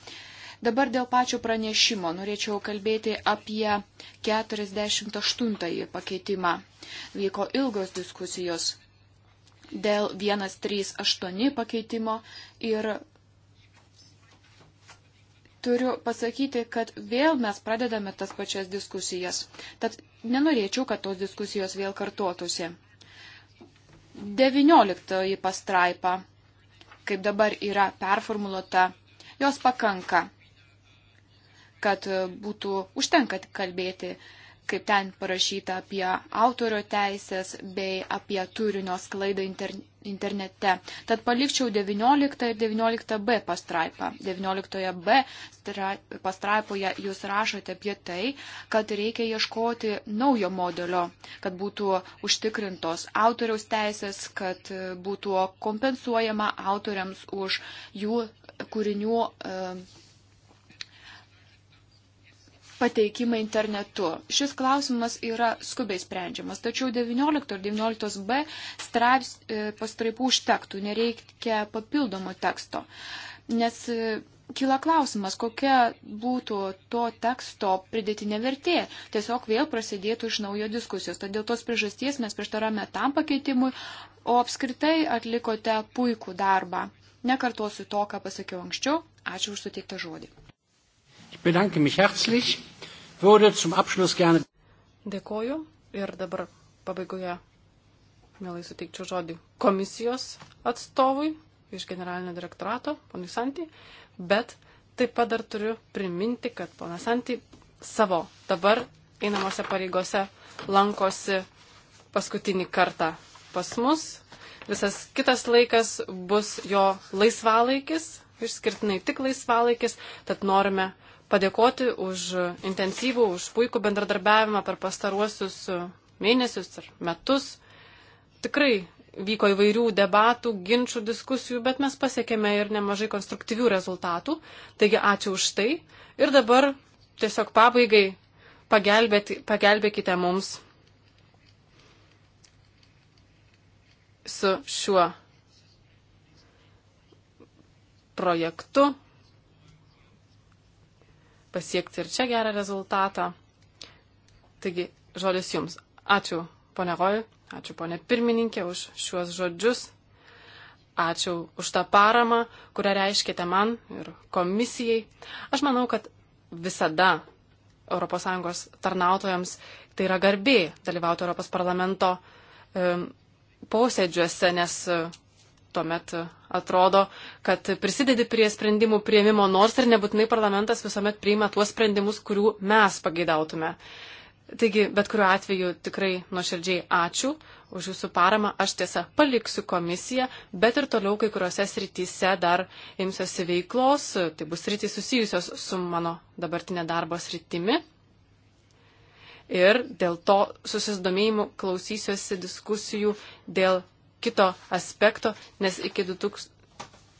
Dabar dėl pačio pranešimo norėčiau kalbėti apie 48 pakeitimą. Vyko ilgos diskusijos dėl 138 pakeitimo ir turiu pasakyti, kad vėl mes pradedame tas pačias diskusijas. Tad nenorėčiau, kad tos diskusijos vėl kartuotųsi. 19 pastraipa, kaip dabar yra performuluota, jos pakanka kad e, būtų užtenka kalbėti, kaip ten parašyta, apie autorio teisės bei apie turinio sklaidą internete. Tad palikčiau 19 ir 19b pastraipą. 19b pastraipoje jūs rašote apie tai, kad reikia ieškoti naujo modelio, kad būtų užtikrintos autoriaus teisės, kad e, būtų kompensuojama autoriams už jų kūrinių. E, pateikimą internetu. Šis klausimas yra skubiai sprendžiamas, tačiau 19 ir 19b straips, e, pastraipų užtektų, nereikia papildomo teksto. Nes e, kyla klausimas, kokia būtų to teksto pridėtinė vertė. Tiesiog vėl prasidėtų iš naujo diskusijos. Tad dėl tos priežasties mes prieštarame tam pakeitimui, o apskritai atlikote puikų darbą. Nekartosiu to, ką pasakiau anksčiau. Ačiū už suteiktą žodį bedanke mich herzlich, würde zum Abschluss gerne. Dėkoju ir dabar pabaigoje mielai suteikčiau žodį komisijos atstovui iš generalinio direktorato, ponui Santi, bet taip pat dar turiu priminti, kad ponas Santi savo dabar einamose pareigose lankosi paskutinį kartą pas mus. Visas kitas laikas bus jo laisvalaikis, išskirtinai tik laisvalaikis, tad norime padėkoti už intensyvų, už puikų bendradarbiavimą per pastaruosius uh, mėnesius ir metus. Tikrai vyko įvairių debatų, ginčių, diskusijų, bet mes pasiekėme ir nemažai konstruktyvių rezultatų. Taigi ačiū už tai. Ir dabar tiesiog pabaigai pagelbėkite mums su šiuo projektu pasiekti ir čia gerą rezultatą. Taigi, žodis jums. Ačiū, ponė Roju, ačiū, ponė pirmininkė, už šiuos žodžius. Ačiū už tą paramą, kurią reiškite man ir komisijai. Aš manau, kad visada ES tarnautojams tai yra garbė dalyvauti ES parlamento um, posėdžiuose, nes uh, tuomet atrodo, kad prisidedi prie sprendimų prieimimo, nors ir nebūtinai parlamentas visuomet priima tuos sprendimus, kurių mes pageidautume. Taigi, bet kuriuo atveju tikrai nuoširdžiai ačiū už jūsų paramą. Aš tiesa paliksiu komisiją, bet ir toliau kai kuriuose srityse dar imsiuosi veiklos. Tai bus sritys susijusios su mano dabartinė darbo sritimi. Ir dėl to susidomėjimu klausysiuosi diskusijų dėl kito aspekto, nes iki 2000.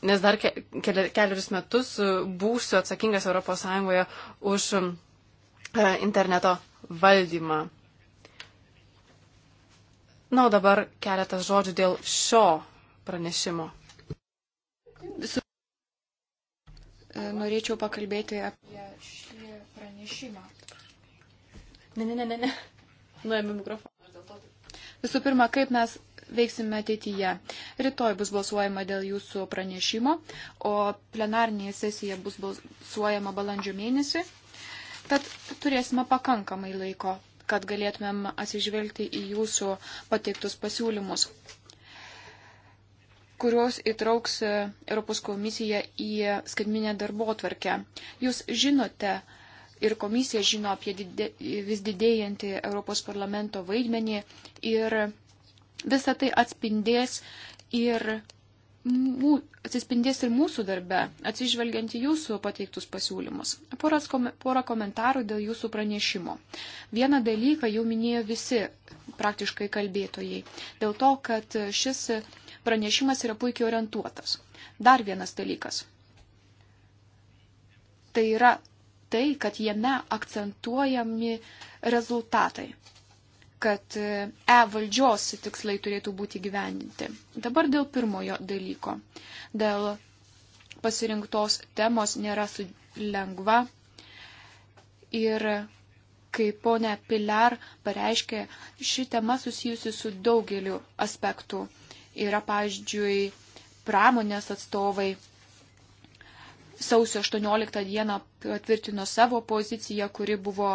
Nes dar ke, keliarius metus e, būsiu atsakingas ES už e, interneto valdymą. Na, o dabar keletas žodžių dėl šio pranešimo. Su... E, norėčiau pakalbėti apie šį pranešimą. Ne, ne, ne, ne, ne. Nuėmė mikrofoną. Visų pirma, kaip mes veiksime ateityje. Rytoj bus balsuojama dėl jūsų pranešimo, o plenarnėje sesija bus balsuojama balandžio mėnesį. Tad turėsime pakankamai laiko, kad galėtumėm atsižvelgti į jūsų pateiktus pasiūlymus kurios įtrauks Europos komisija į skaitminę darbo tvarkę. Jūs žinote, ir komisija žino apie didė, vis didėjantį Europos parlamento vaidmenį ir Visą tai atspindės ir mū, atsispindės ir mūsų darbe, atsižvelgiant į jūsų pateiktus pasiūlymus. Poras, porą komentarų dėl jūsų pranešimo. Vieną dalyką jau minėjo visi praktiškai kalbėtojai, dėl to, kad šis pranešimas yra puikiai orientuotas. Dar vienas dalykas. Tai yra tai, kad jame akcentuojami rezultatai kad E valdžios tikslai turėtų būti gyveninti. Dabar dėl pirmojo dalyko. Dėl pasirinktos temos nėra lengva. Ir kaip ponia Pilar pareiškė, ši tema susijusi su daugeliu aspektų. Yra, pavyzdžiui, pramonės atstovai. Sausio 18 dieną patvirtino savo poziciją, kuri buvo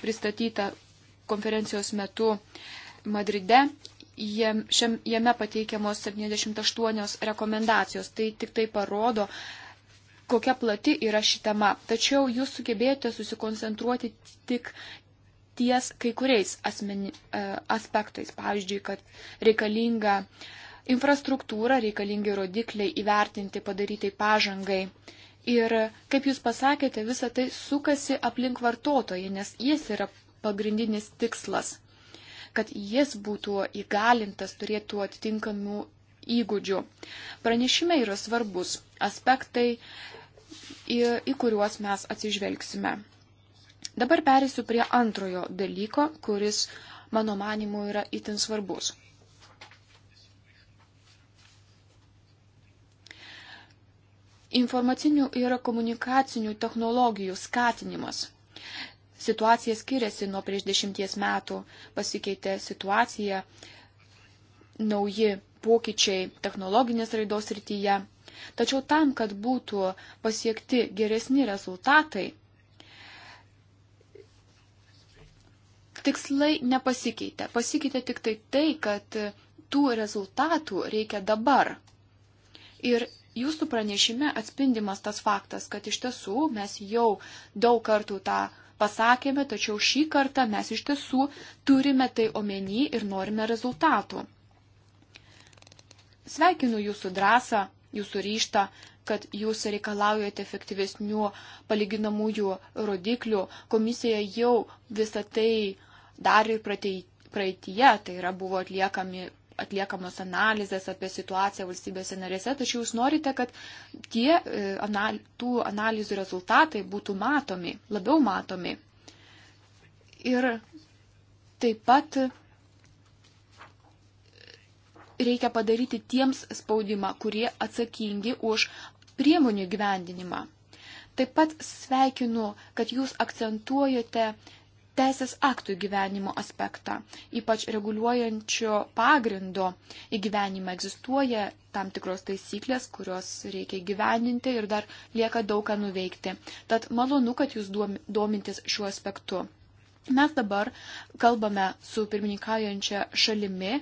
pristatyta konferencijos metu Madride. Jame pateikiamos 78 rekomendacijos. Tai tik tai parodo, kokia plati yra ši tema. Tačiau jūs sugebėjote susikoncentruoti tik ties kai kuriais asmeni, e, aspektais. Pavyzdžiui, kad reikalinga infrastruktūra, reikalingi rodikliai įvertinti padarytai pažangai. Ir, kaip jūs pasakėte, visa tai sukasi aplink vartotoją, nes jis yra pagrindinis tikslas, kad jis būtų įgalintas, turėtų atitinkamų įgūdžių. Pranešime yra svarbus aspektai, į, į kuriuos mes atsižvelgsime. Dabar perėsiu prie antrojo dalyko, kuris, mano manimu, yra itin svarbus. Informacinių ir komunikacinių technologijų skatinimas situacija skiriasi nuo prieš dešimties metų, pasikeitė situacija, nauji pokyčiai technologinės raidos rytyje. Tačiau tam, kad būtų pasiekti geresni rezultatai, tikslai nepasikeitė. Pasikeitė tik tai tai, kad tų rezultatų reikia dabar. Ir jūsų pranešime atspindimas tas faktas, kad iš tiesų mes jau daug kartų tą pasakėme, tačiau šį kartą mes iš tiesų turime tai omeny ir norime rezultatų. Sveikinu jūsų drąsą, jūsų ryštą, kad jūs reikalaujate efektyvesnių palyginamųjų rodiklių. Komisija jau visą tai dar ir praeitie, tai yra buvo atliekami atliekamos analizės apie situaciją valstybėse narėse, tačiau jūs norite, kad tie e, anal, tų analizų rezultatai būtų matomi, labiau matomi. Ir taip pat reikia padaryti tiems spaudimą, kurie atsakingi už priemonių gyvendinimą. Taip pat sveikinu, kad jūs akcentuojate uh, teisės aktų įgyvenimo aspektą, ypač reguliuojančio pagrindo įgyvenimą egzistuoja tam tikros taisyklės, kurios reikia įgyveninti ir dar lieka daug ką nuveikti. Tad malonu, kad jūs domintis šiuo aspektu. Mes dabar kalbame su pirmininkaujančia šalimi,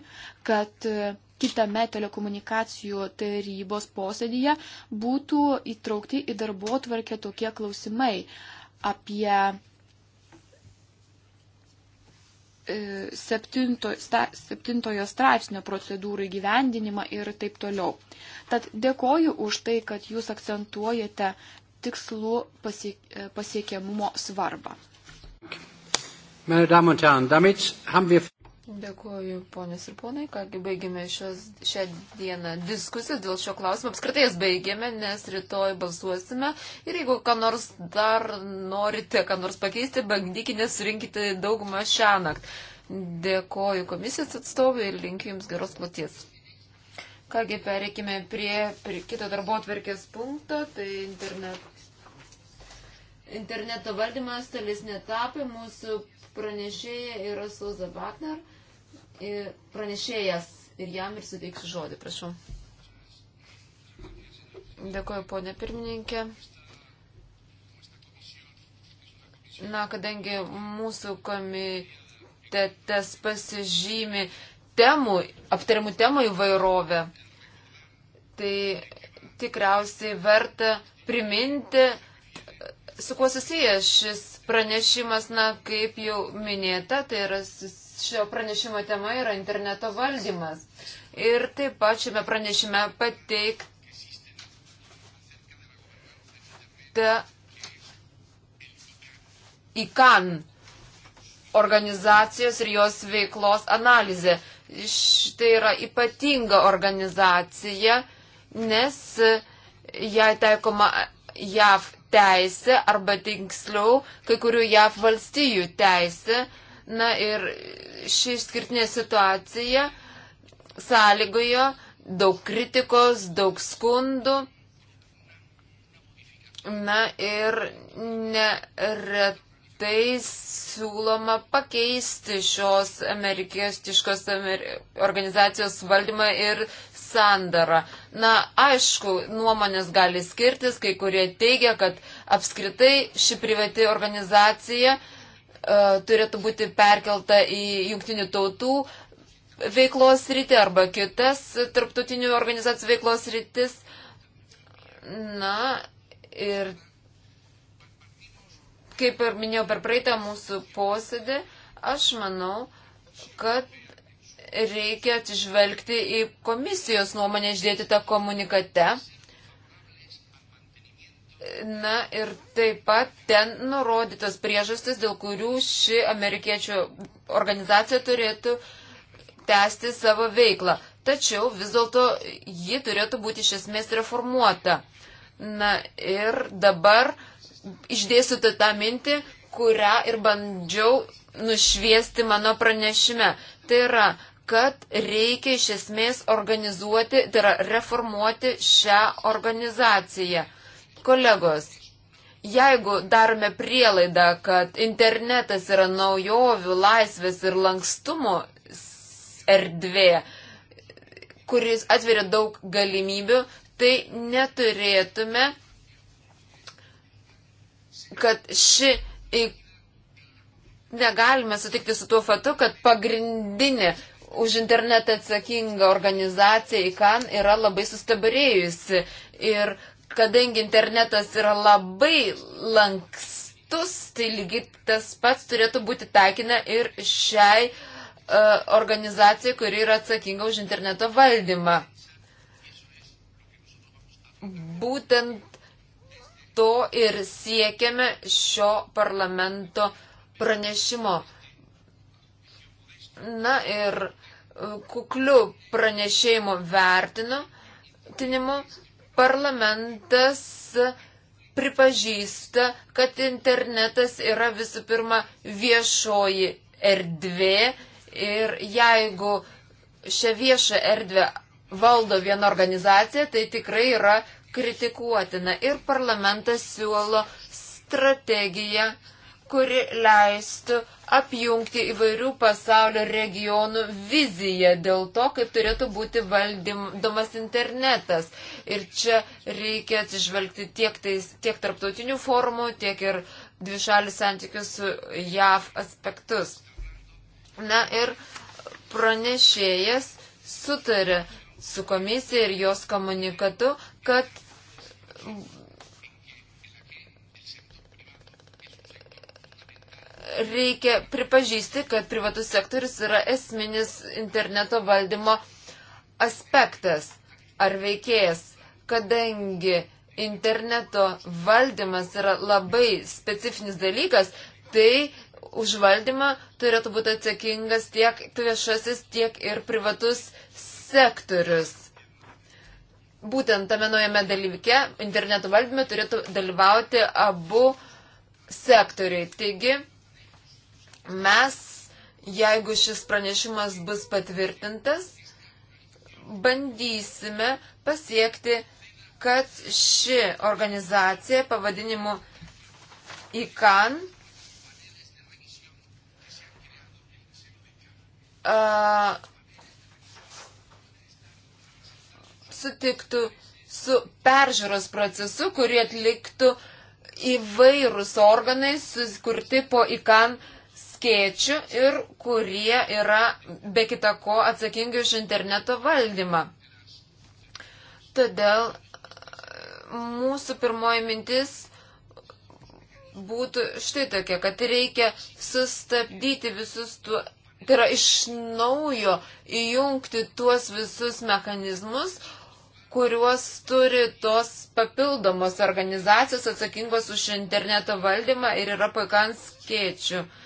kad e, kitame telekomunikacijų tarybos posėdėje būtų įtraukti į darbo tvarkę tokie klausimai apie E, septinto, sta, septintojo straipsnio procedūrų įgyvendinimą ir taip toliau. Tad dėkoju už tai, kad jūs akcentuojate tikslų pasie, e, pasiekiamumo svarbą. Meine Damen und Herren, damit haben wir Dėkuoju, ponės ir ponai, kągi baigėme šios, šią dieną diskusijas dėl šio klausimo. Apskritai jas baigėme, nes rytoj balsuosime. Ir jeigu ką nors dar norite, ką nors pakeisti, bandykite surinkite daugumą šią naktį. Dėkuoju komisijos atstovui ir linkiu Jums geros kloties. Kągi, pereikime prie, prie kito darbo atverkės punkto, tai internet. Interneto valdymas talis netapė mūsų pranešėja yra Suza Wagner pranešėjas ir jam ir suteiksiu žodį, prašau. Dėkuoju, ponė pirmininkė. Na, kadangi mūsų komitetas pasižymi temų, aptariamų temų įvairovę, tai tikriausiai verta priminti, su kuo susijęs šis pranešimas, na, kaip jau minėta, tai yra susijęs šio pranešimo tema yra interneto valdymas. Ir taip pat šiame pranešime pateikta ICAN organizacijos ir jos veiklos analizė. Štai yra ypatinga organizacija, nes jai taikoma JAV teisė arba tiksliau kai kurių JAV valstijų teisė Na ir ši išskirtinė situacija sąlygojo daug kritikos, daug skundų. Na ir neretai siūloma pakeisti šios amerikietiškos organizacijos valdymą ir sandarą. Na, aišku, nuomonės gali skirtis, kai kurie teigia, kad apskritai ši privati organizacija uh, E, turėtų būti perkelta į jungtinių tautų veiklos rytį arba kitas tarptautinių organizacijų veiklos rytis. Na ir kaip ir minėjau per praeitą mūsų posėdį, aš manau, kad reikia atsižvelgti į komisijos nuomonę išdėti tą komunikate Na ir taip pat ten nurodytos priežastis, dėl kurių ši amerikiečių organizacija turėtų tęsti savo veiklą. Tačiau vis dėlto ji turėtų būti iš esmės reformuota. Na ir dabar išdėsiu tą mintį, kurią ir bandžiau nušviesti mano pranešime. Tai yra, kad reikia iš esmės organizuoti, tai yra reformuoti šią organizaciją. Kolegos, jeigu darome prielaidą, kad internetas yra naujovių, laisvės ir lankstumo erdvė, kuris atveria daug galimybių, tai neturėtume, kad ši negalime sutikti su tuo fatu, kad pagrindinė už internetą atsakinga organizacija ICAN yra labai sustabarėjusi ir kadangi internetas yra labai lankstus, tai lygiai tas pats turėtų būti taikina ir šiai uh, organizacijai, kuri yra atsakinga už interneto valdymą. Būtent to ir siekiame šio parlamento pranešimo. Na ir e, kukliu pranešėjimo vertinu, tinimu, parlamentas pripažįsta, kad internetas yra visų pirma viešoji erdvė ir jeigu šią viešą erdvę valdo viena organizacija, tai tikrai yra kritikuotina. Ir parlamentas siūlo strategiją kuri leistų apjungti įvairių pasaulio regionų viziją dėl to, kaip turėtų būti valdymas internetas. Ir čia reikia atsižvelgti tiek, tais, tiek tarptautinių formų, tiek ir dvišalių santykių su JAV aspektus. Na ir pranešėjas sutarė su komisija ir jos komunikatu, kad reikia pripažįsti, kad privatus sektorius yra esminis interneto valdymo aspektas ar veikėjas, kadangi interneto valdymas yra labai specifinis dalykas, tai už valdymą turėtų būti atsakingas tiek viešasis, tiek ir privatus sektorius. Būtent tame naujame dalyvike, interneto valdyme, turėtų dalyvauti abu sektoriai. Taigi, Mes, jeigu šis pranešimas bus patvirtintas, bandysime pasiekti, kad ši organizacija pavadinimu ICAN uh, sutiktų su peržiūros procesu, kurį atliktų įvairūs organai, sukurti po ICAN uh, tėčių ir kurie yra be kita ko atsakingi už interneto valdymą. Todėl e, mūsų pirmoji mintis būtų štai tokia, kad reikia sustabdyti visus tuo, tai yra iš naujo įjungti tuos visus mechanizmus, kuriuos turi tos papildomos organizacijos atsakingos už interneto valdymą ir yra paikant skėčių. Uh,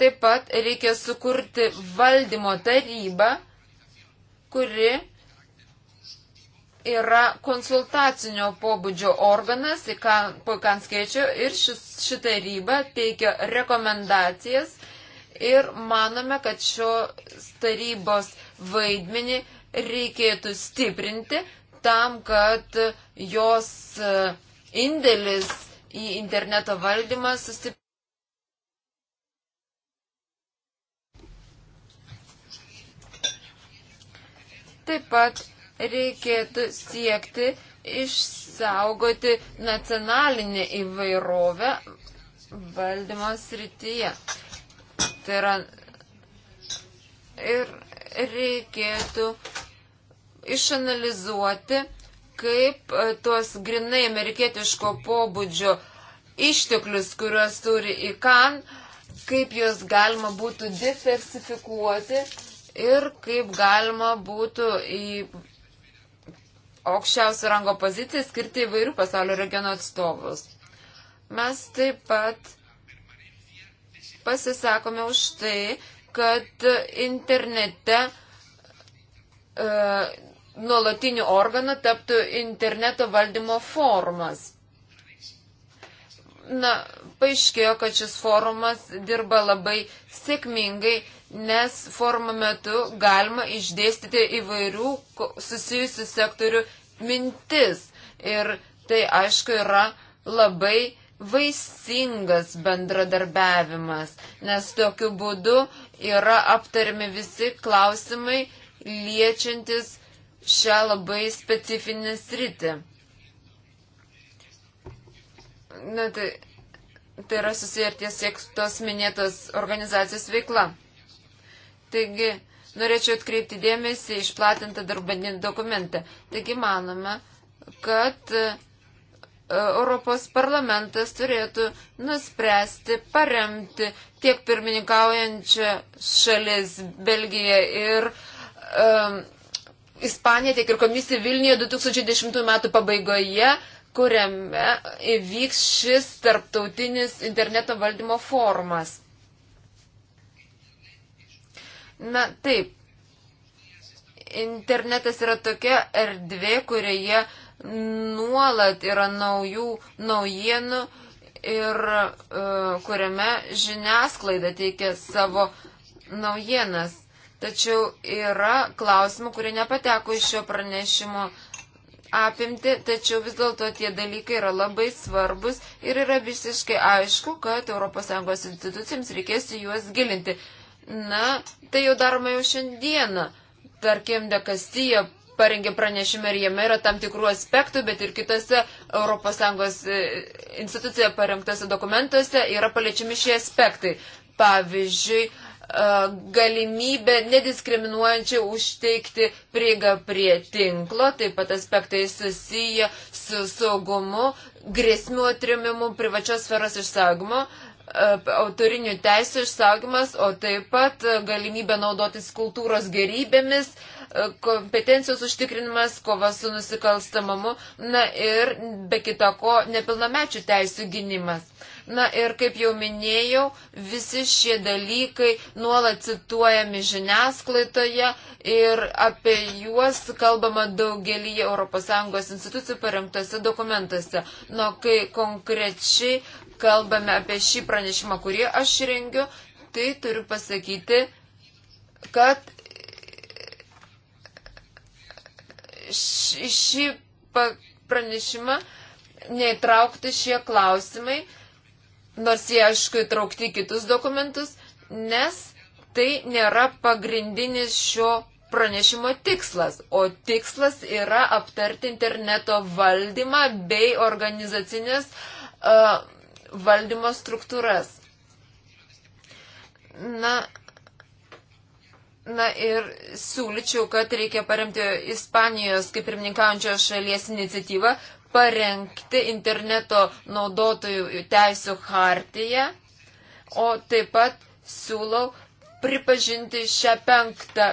Taip pat reikia sukurti valdymo tarybą, kuri yra konsultacinio pobūdžio organas, po kanskėčio, ir šis, šitą rybą teikia rekomendacijas ir manome, kad šios tarybos vaidmenį reikėtų stiprinti tam, kad jos e, indėlis į interneto valdymą sustiprėtų. Taip pat reikėtų siekti išsaugoti nacionalinę įvairovę valdymo srityje. Tai yra ir reikėtų išanalizuoti, kaip e, tuos grinai amerikietiško pobūdžio išteklius, kuriuos turi ICAN, kaip juos galima būtų diversifikuoti ir kaip galima būtų į aukščiausio rango poziciją skirti įvairių pasaulio regionų atstovus. Mes taip pat pasisakome už tai, kad internete e, nuolatinių organų taptų interneto valdymo formas. Na, paaiškėjo, kad šis forumas dirba labai sėkmingai, nes forumo metu galima išdėstyti įvairių susijusių sektorių mintis. Ir tai, aišku, yra labai vaisingas bendradarbiavimas, nes tokiu būdu yra aptariami visi klausimai liečiantis šią labai specifinę sritį. Na, tai, tai yra susiję ir tiesiog tos minėtos organizacijos veikla. Taigi, norėčiau atkreipti dėmesį išplatintą darbinį dokumentą. Taigi, manome, kad e, Europos parlamentas turėtų nuspręsti paremti tiek pirmininkaujančią šalis Belgiją ir um, Ispaniją, tiek ir komisiją Vilniuje 2010 metų pabaigoje kuriame įvyks šis tarptautinis interneto valdymo forumas. Na taip, internetas yra tokia erdvė, kurioje nuolat yra naujų naujienų ir uh, kuriame žiniasklaida teikia savo naujienas. Tačiau yra klausimų, kurie nepateko iš šio pranešimo apimti, tačiau vis dėlto tie dalykai yra labai svarbus ir yra visiškai aišku, kad ES institucijams reikės juos gilinti. Na, tai jau daroma jau šiandieną. Tarkim, Dekastija parengė pranešimą ir jame yra tam tikrų aspektų, bet ir kitose ES e, institucijoje parengtose dokumentuose yra paliečiami šie aspektai. Pavyzdžiui, E, galimybę nediskriminuojančiai užteikti prieigą prie tinklo, taip pat aspektai susiję su saugumu, grėsmių atrimimu, privačios sferos išsaugumu e, autorinių teisų išsaugimas, o taip pat galimybė naudotis kultūros gerybėmis, e, kompetencijos užtikrinimas, kova su nusikalstamamu, na ir be kita ko nepilnamečių teisų gynimas. Na ir kaip jau minėjau, visi šie dalykai nuolat cituojami žiniasklaidoje ir apie juos kalbama daugelį ES institucijų parengtose dokumentuose. Na, kai konkrečiai kalbame apie šį pranešimą, kurį aš rengiu, tai turiu pasakyti, kad šį pranešimą neįtraukti šie klausimai nors jie aišku įtraukti kitus dokumentus, nes tai nėra pagrindinis šio pranešimo tikslas, o tikslas yra aptarti interneto valdymą bei organizacinės uh, valdymo struktūras. Na, na ir siūlyčiau, kad reikia paremti Ispanijos kaip pirmininkaujančios šalies iniciatyvą, parengti interneto naudotojų teisų hartiją, o taip pat siūlau pripažinti šią penktą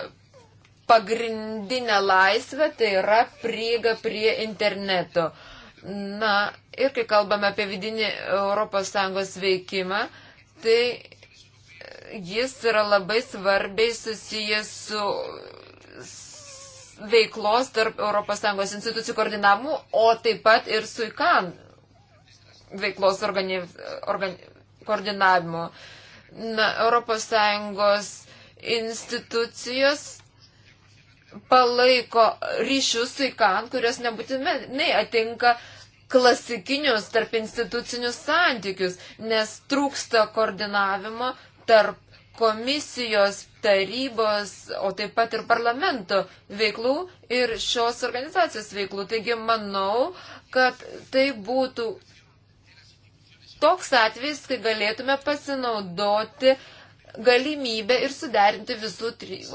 pagrindinę laisvę, tai yra prieiga prie interneto. Na, ir kai kalbame apie vidinį ES veikimą, tai jis yra labai svarbiai susijęs su veiklos tarp ES institucijų koordinavimų, o taip pat ir su ICAN veiklos organi, organi, koordinavimu. Na, ES institucijos palaiko ryšius su ICAN, kurios nebūtinai atinka klasikinius tarp institucinius santykius, nes trūksta koordinavimo tarp komisijos, tarybos, o taip pat ir parlamento veiklų ir šios organizacijos veiklų. Taigi manau, kad tai būtų toks atvejs, kai galėtume pasinaudoti galimybę ir suderinti visų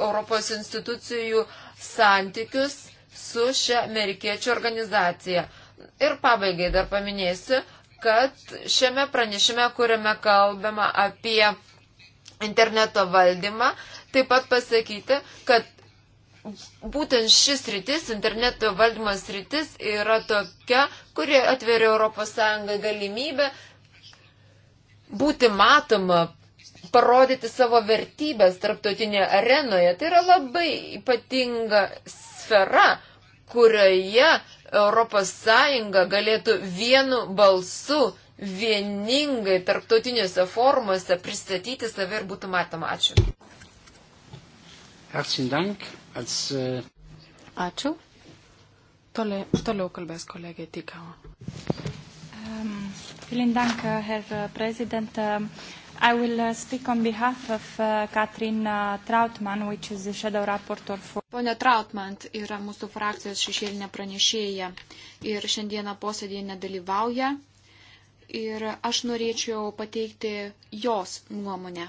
Europos institucijų santykius su šia amerikiečių organizacija. Ir pabaigai dar paminėsiu, kad šiame pranešime, kuriame kalbama apie interneto valdymą, taip pat pasakyti, kad būtent šis rytis, interneto valdymas rytis yra tokia, kuri atveria ES galimybę būti matoma, parodyti savo vertybės tarptautinėje arenoje. Tai yra labai ypatinga sfera, kurioje ES galėtų vienu balsu vieningai tarptautiniuose formuose pristatyti save ir būtų matoma. Ačiū. Äh, Ačiū. Tole, toliau kalbės kolegė Tikau. Um, vielen Dank, äh, Herr Präsident. Ähm, I will uh, speak on behalf of uh, Katrin uh, Trautmann, which is the shadow rapporteur for. Pone Trautmann yra mūsų frakcijos šešėlinė pranešėja ir šiandieną posėdėje nedalyvauja. Uh, ir aš norėčiau pateikti jos nuomonę.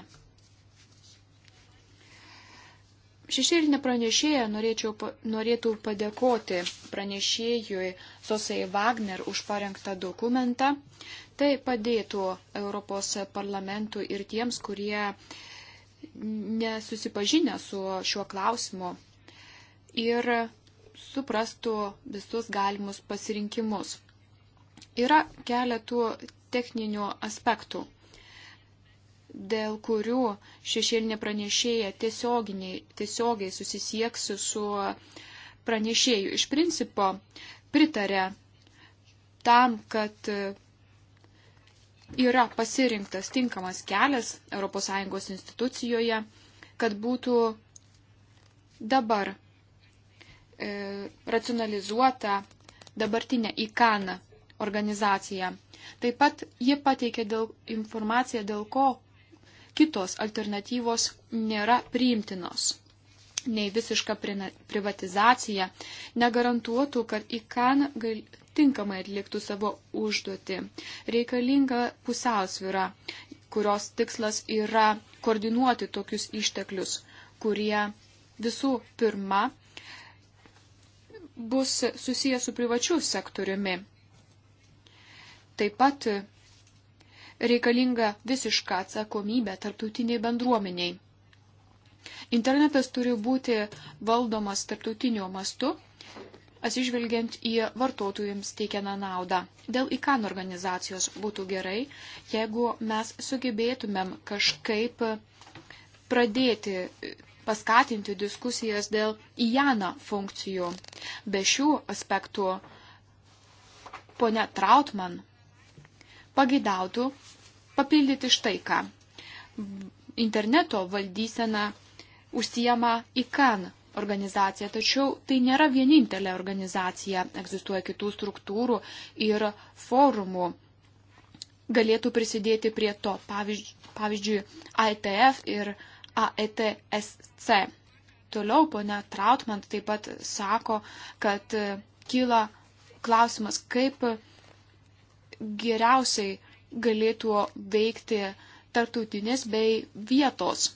Šešėlinė pranešėja norėčiau, norėtų padėkoti pranešėjui Sosai Wagner už parengtą dokumentą. Tai padėtų Europos parlamentui ir tiems, kurie nesusipažinę su šiuo klausimu ir suprastų visus galimus pasirinkimus. Yra keletų techninių aspektų, dėl kurių šešėlinė pranešėja tiesiogiai susisieks su pranešėju. Iš principo pritarė tam, kad yra pasirinktas tinkamas kelias ES institucijoje, kad būtų dabar e, racionalizuota dabartinė įkana organizacija. Taip pat ji pateikė dėl, informaciją, dėl ko kitos alternatyvos nėra priimtinos. Nei visiška privatizacija negarantuotų, kad ICAN gal, tinkamai atliktų savo užduotį. Reikalinga pusiausvyra, kurios tikslas yra koordinuoti tokius išteklius, kurie visų pirma bus susijęs su privačiu sektoriumi Taip pat reikalinga visiška atsakomybė tarptautiniai bendruomeniai. Internetas turi būti valdomas tarptautiniu mastu, atsižvelgiant į vartotojams teikiamą naudą. Dėl ICAN organizacijos būtų gerai, jeigu mes sugebėtumėm kažkaip pradėti paskatinti diskusijas dėl IANA funkcijų. Be šių aspektų ponia Trautman pagidautų papildyti štai ką. Interneto valdysena užsijama ICAN organizacija, tačiau tai nėra vienintelė organizacija, egzistuoja kitų struktūrų ir forumų galėtų prisidėti prie to, pavyzdžiui, ITF ir AETSC. Toliau ponia Trautman taip pat sako, kad e, kyla klausimas, kaip geriausiai galėtų veikti tartutinės bei vietos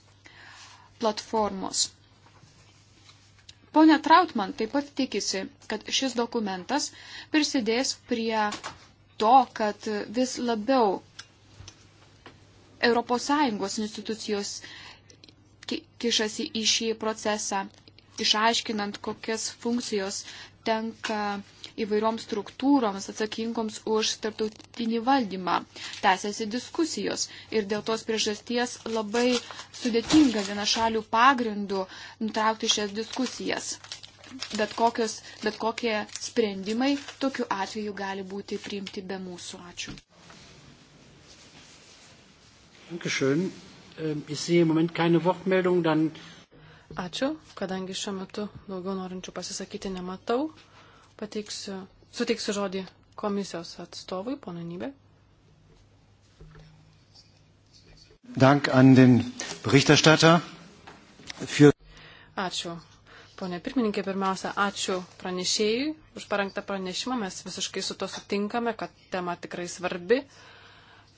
platformos. Pone Trautman taip pat tikisi, kad šis dokumentas prisidės prie to, kad vis labiau ES institucijos kišasi į šį procesą, išaiškinant, kokias funkcijos tenka įvairioms struktūroms atsakingoms už tarptautinį valdymą. Tęsiasi diskusijos ir dėl tos priežasties labai sudėtinga vienašalių pagrindų nutraukti šias diskusijas. Bet, kokios, bet kokie sprendimai tokiu atveju gali būti priimti be mūsų. Ačiū. Dankeschön. Ähm, ich sehe im Moment keine Wortmeldung, dann Ačiū, kadangi šiuo metu daugiau norinčių pasisakyti nematau pateiksiu, suteiksiu žodį komisijos atstovui, pono Nybė. Dank an den Berichterstatter für. Ačiū. Pone pirmininkė, pirmiausia, ačiū pranešėjui už parengtą pranešimą. Mes visiškai su to sutinkame, kad tema tikrai svarbi,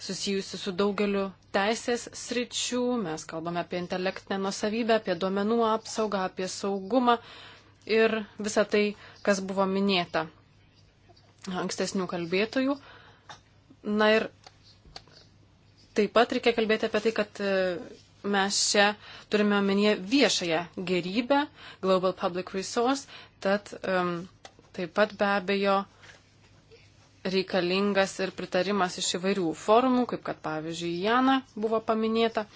susijusi su daugeliu teisės sričių. Mes kalbame apie intelektinę nusavybę, apie duomenų apsaugą, apie saugumą, ir visa tai, kas buvo minėta ankstesnių kalbėtojų. Na ir taip pat reikia kalbėti apie tai, kad e, mes čia turime omenyje viešąją gerybę, Global Public Resource, tad um, taip pat be abejo reikalingas ir pritarimas iš įvairių forumų, kaip kad pavyzdžiui Jana buvo paminėta.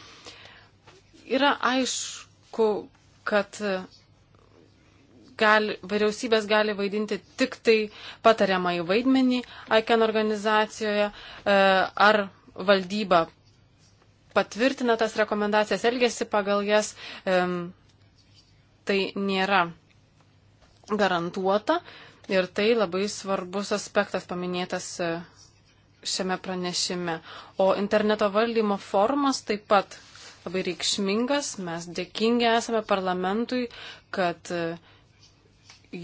Yra aišku, kad gali, vyriausybės gali vaidinti tik tai patariamąjį vaidmenį ICAN organizacijoje, e, ar valdyba patvirtina tas rekomendacijas, elgesi pagal jas, tai nėra garantuota ir tai labai svarbus aspektas paminėtas e, šiame pranešime. O interneto valdymo formas taip pat labai reikšmingas. Mes dėkingi esame parlamentui, kad uh,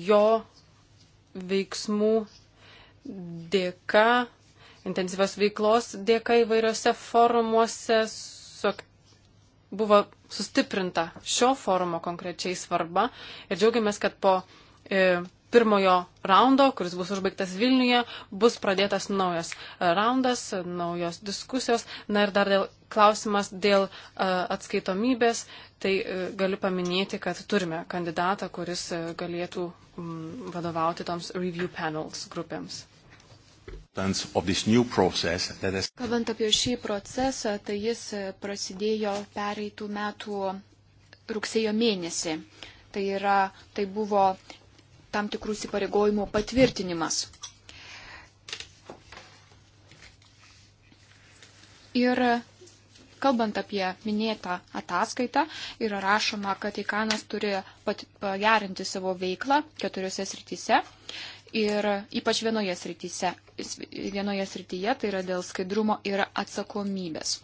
jo veiksmų dėka, intensyvios veiklos dėka įvairiose forumuose su, buvo sustiprinta šio forumo konkrečiai svarba ir džiaugiamės, kad po e, pirmojo raundo, kuris bus užbaigtas Vilniuje, bus pradėtas naujas e, raundas, naujos diskusijos. Na ir dar dėl, klausimas dėl e, atskaitomybės. Tai e, galiu paminėti, kad turime kandidatą, kuris galėtų vadovauti toms review panels grupėms. Kalbant apie šį procesą, tai jis prasidėjo pereitų metų rugsėjo mėnesį. Tai, yra, tai buvo tam tikrų įsipareigojimų patvirtinimas. Ir kalbant apie minėtą ataskaitą, yra rašoma, kad Ikanas turi pagerinti savo veiklą keturiose srityse. Ir ypač vienoje, srityse, vienoje srityje, tai yra dėl skaidrumo ir atsakomybės.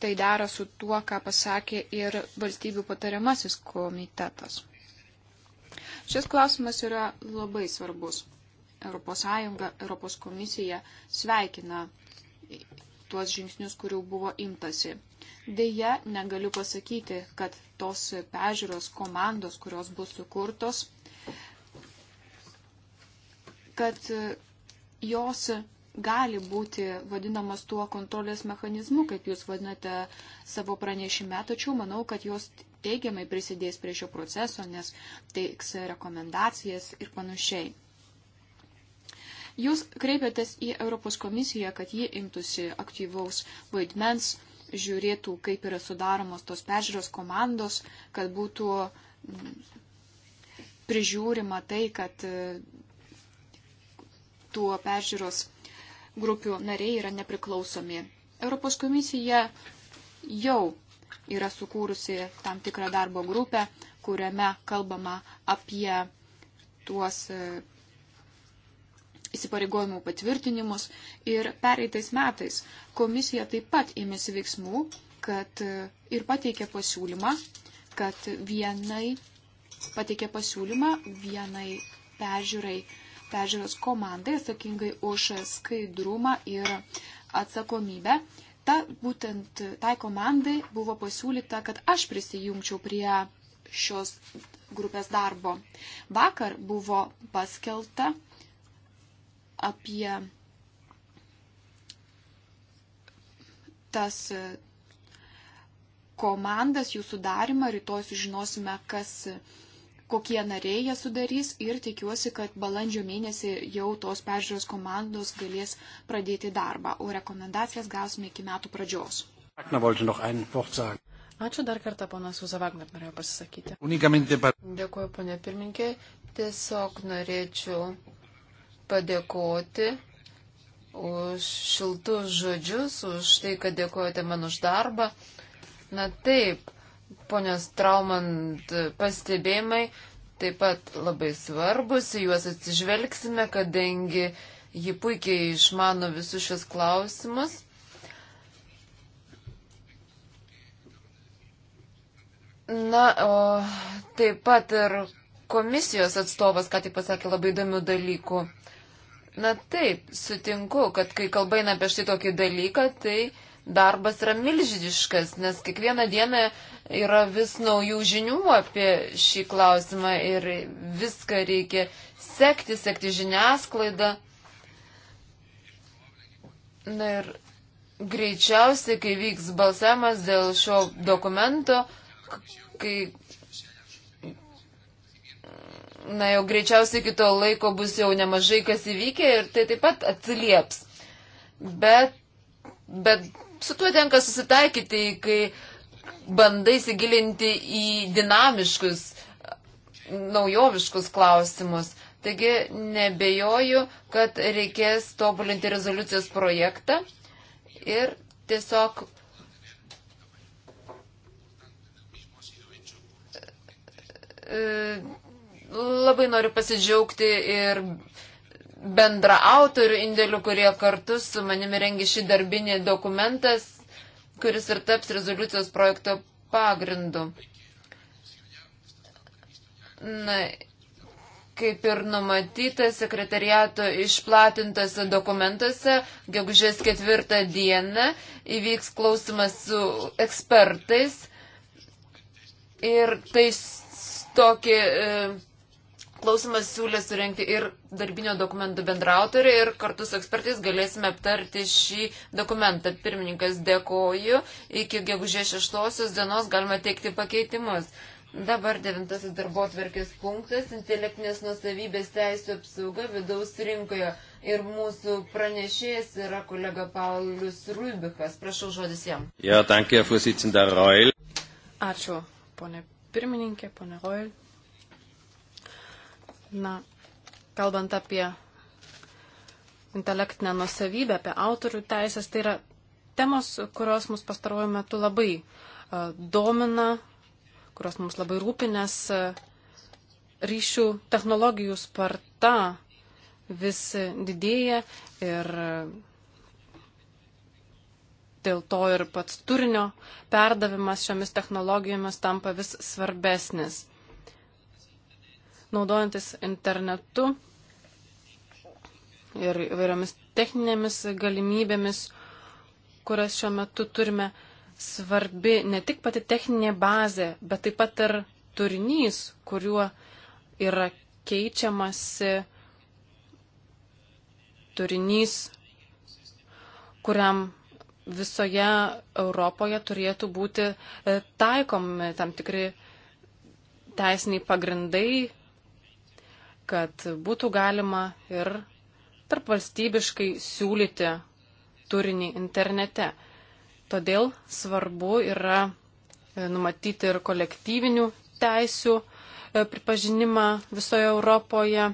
Tai dera su tuo, ką pasakė ir valstybių patariamasis komitetas. Šis klausimas yra labai svarbus. ES, ES komisija sveikina tuos žingsnius, kurių buvo imtasi. Deja, negaliu pasakyti, kad tos pežiūros komandos, kurios bus sukurtos, kad jos gali būti vadinamas tuo kontrolės mechanizmu, kaip jūs vadinate savo pranešime, tačiau manau, kad jos teigiamai prisidės prie šio proceso, nes teiks rekomendacijas ir panašiai. Jūs kreipiatės į Europos komisiją, kad ji imtųsi aktyvaus vaidmens, žiūrėtų, kaip yra sudaromos tos peržiūros komandos, kad būtų mm, prižiūrima tai, kad e, tuo peržiūros grupių nariai yra nepriklausomi. Europos komisija jau yra sukūrusi tam tikrą darbo grupę, kuriame kalbama apie tuos e, įsipareigojimų patvirtinimus. Ir pereitais metais komisija taip pat ėmėsi veiksmų, kad e, ir pateikė pasiūlymą, kad vienai pateikė pasiūlymą vienai peržiūrai, peržiūros komandai atsakingai už skaidrumą ir atsakomybę ta, būtent tai komandai buvo pasiūlyta, kad aš prisijungčiau prie šios grupės darbo. Vakar buvo paskelta apie tas e, komandas, jų sudarimą, rytoj sužinosime, kas kokie nariai ją sudarys ir tikiuosi, kad balandžio mėnesį jau tos peržiūros komandos galės pradėti darbą, o rekomendacijas gausime iki metų pradžios. Ačiū dar kartą, ponas Uzavagner, norėjau pasisakyti. Dėkuoju, ponė pirmininkė. Tiesiog norėčiau padėkoti už šiltus žodžius, už tai, kad dėkojate man už darbą. Na taip, ponios Traumant pastebėjimai taip pat labai svarbus, juos atsižvelgsime, kadangi ji puikiai išmano visus šios klausimus. Na, o taip pat ir komisijos atstovas, ką tik pasakė, labai įdomių dalykų. Na taip, sutinku, kad kai kalba eina apie štai tokį dalyką, tai uh, darbas yra milžiniškas, nes kiekvieną dieną yra vis naujų žinių apie šį klausimą ir viską reikia sekti, sekti žiniasklaidą. Na ir greičiausiai, kai vyks balsavimas dėl šio dokumento, kai. Na jau greičiausiai kito laiko bus jau nemažai kas įvykę ir tai taip pat atsilieps. Bet, bet su tuo tenka susitaikyti, kai bandai įsigilinti į dinamiškus, naujoviškus klausimus. Taigi nebejoju, kad reikės tobulinti rezoliucijos projektą ir tiesiog e, e, labai noriu pasidžiaugti ir bendra autorių indėlių, kurie kartu su manimi rengi šį darbinį dokumentas, kuris ir taps rezoliucijos projekto pagrindu. Na, kaip ir numatyta sekretariato išplatintose dokumentuose, gegužės ketvirtą dieną įvyks klausimas su ekspertais ir tai tokį e, Klausimas siūlė surenkti ir darbinio dokumentų bendrautorį ir kartu su ekspertais galėsime aptarti šį dokumentą. Pirmininkas dėkoju. Iki gegužės 6 dienos galima teikti pakeitimus. Dabar devintasis darbo atverkės punktas - intelektinės nusavybės teisų apsauga vidaus rinkoje. Ir mūsų pranešėjas yra kolega Paulius Rubikas. Prašau žodis jam. Ja, danke, Ačiū, ponė pirmininkė, ponė Roil. Na, kalbant apie intelektinę nusavybę, apie autorių teisės, tai yra temos, kurios mus pastaruoju metu labai uh, domina, kurios mums labai rūpinės uh, e, ryšių technologijų sparta vis didėja ir e, dėl to ir pats turinio perdavimas šiomis technologijomis tampa vis svarbesnis naudojantis internetu ir įvairiomis techninėmis galimybėmis, kurias šiuo metu turime, svarbi ne tik pati techninė bazė, bet taip pat ir turinys, kuriuo yra keičiamasi turinys, kuriam visoje Europoje turėtų būti e, taikomi tam tikri teisiniai pagrindai, kad būtų galima ir tarp valstybiškai siūlyti turinį internete. Todėl svarbu yra e, numatyti ir kolektyvinių teisių e, pripažinimą visoje Europoje.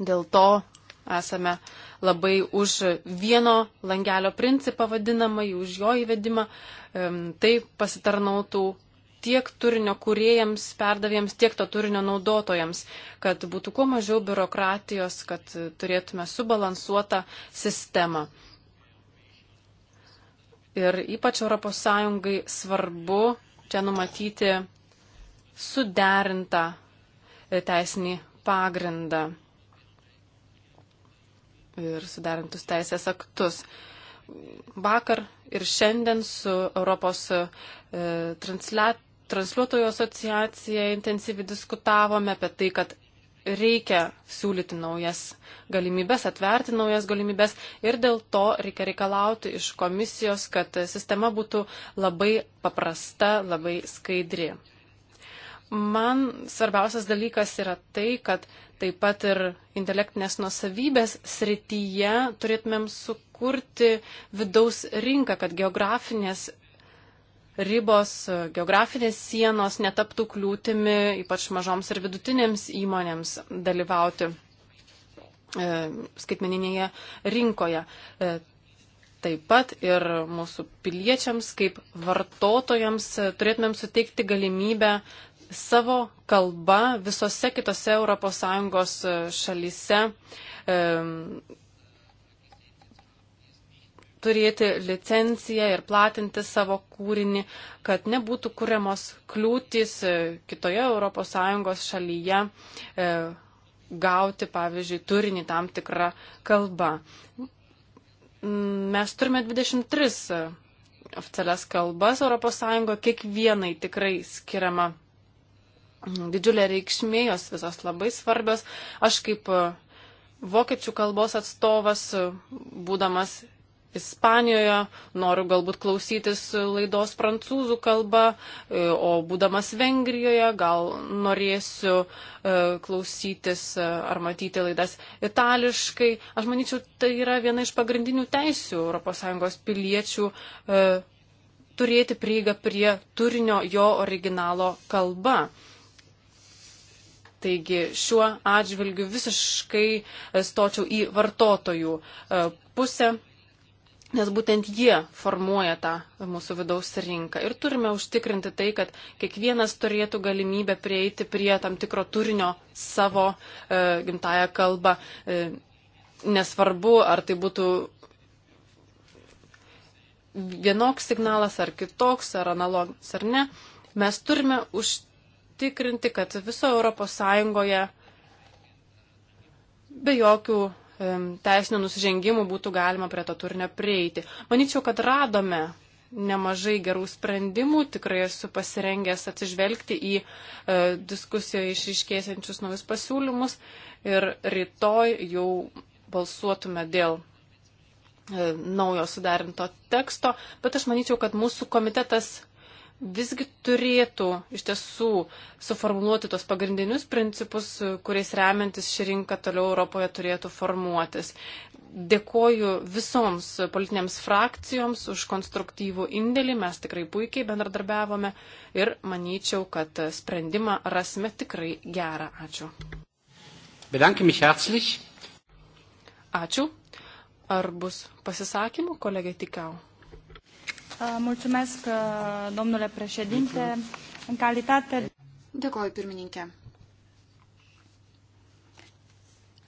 Dėl to esame labai už vieno langelio principą vadinamą, už jo įvedimą. Tai pasitarnautų tiek turinio kuriejams, perdavėjams, tiek to turinio naudotojams, kad būtų kuo mažiau biurokratijos, kad turėtume subalansuotą sistemą. Ir ypač ES svarbu čia numatyti suderintą teisinį pagrindą ir suderintus teisės aktus vakar ir šiandien su Europos e, transliat, transliuotojų asociacija intensyviai diskutavome apie tai, kad reikia siūlyti naujas galimybės, atverti naujas galimybės ir dėl to reikia reikalauti iš komisijos, kad sistema būtų labai paprasta, labai skaidri. Man svarbiausias dalykas yra tai, kad taip pat ir intelektinės nusavybės srityje turėtumėm sukurti vidaus rinką, kad geografinės ribos, geografinės sienos netaptų kliūtimi, ypač mažoms ir vidutinėms įmonėms dalyvauti e, skaitmeninėje rinkoje. E, taip pat ir mūsų piliečiams, kaip vartotojams, e, turėtumėm suteikti galimybę savo kalba visose kitose ES šalyse turėti licenciją ir platinti savo kūrinį, kad nebūtų kuriamos kliūtis e, kitoje ES šalyje e, gauti, pavyzdžiui, turinį tam tikrą kalbą. Mes turime 23 e, oficialias kalbas ES, kiekvienai tikrai skiriama didžiulė reikšmė, jos visos labai svarbios. Aš kaip e, vokiečių kalbos atstovas, būdamas Ispanijoje, noriu galbūt klausytis laidos prancūzų kalba, e, o būdamas Vengrijoje gal norėsiu e, klausytis e, ar matyti laidas itališkai. Aš manyčiau, tai yra viena iš pagrindinių teisių ES piliečių turėti prieigą prie turinio jo originalo kalba. Taigi šiuo atžvilgiu visiškai stočiau į vartotojų pusę nes būtent jie formuoja tą mūsų vidaus rinką. Ir turime užtikrinti tai, kad kiekvienas turėtų galimybę prieiti prie tam tikro turinio savo e, gimtają kalbą. E, nesvarbu, ar tai būtų vienoks signalas, ar kitoks, ar analogas, ar ne. Mes turime užtikrinti, kad viso Europos Sąjungoje be jokių teisinių nusižengimų būtų galima prie to turinio prieiti. Manyčiau, kad radome nemažai gerų sprendimų, tikrai esu pasirengęs atsižvelgti į e, diskusijoje išiškėsiančius naujus pasiūlymus ir rytoj jau balsuotume dėl e, naujo sudarinto teksto, bet aš manyčiau, kad mūsų komitetas visgi turėtų iš tiesų suformuoluoti tos pagrindinius principus, kuriais remiantis ši rinka toliau Europoje turėtų formuotis. Dėkoju visoms politinėms frakcijoms už konstruktyvų indėlį, mes tikrai puikiai bendradarbiavome ir manyčiau, kad sprendimą rasime tikrai gerą. Ačiū. Bedanke mich herzlich. Ačiū. Ar bus pasisakymų, kolegė Tikau? Uh, mulțumesc, uh, domnule președinte. În calitate... Dėkoju, pirmininkė.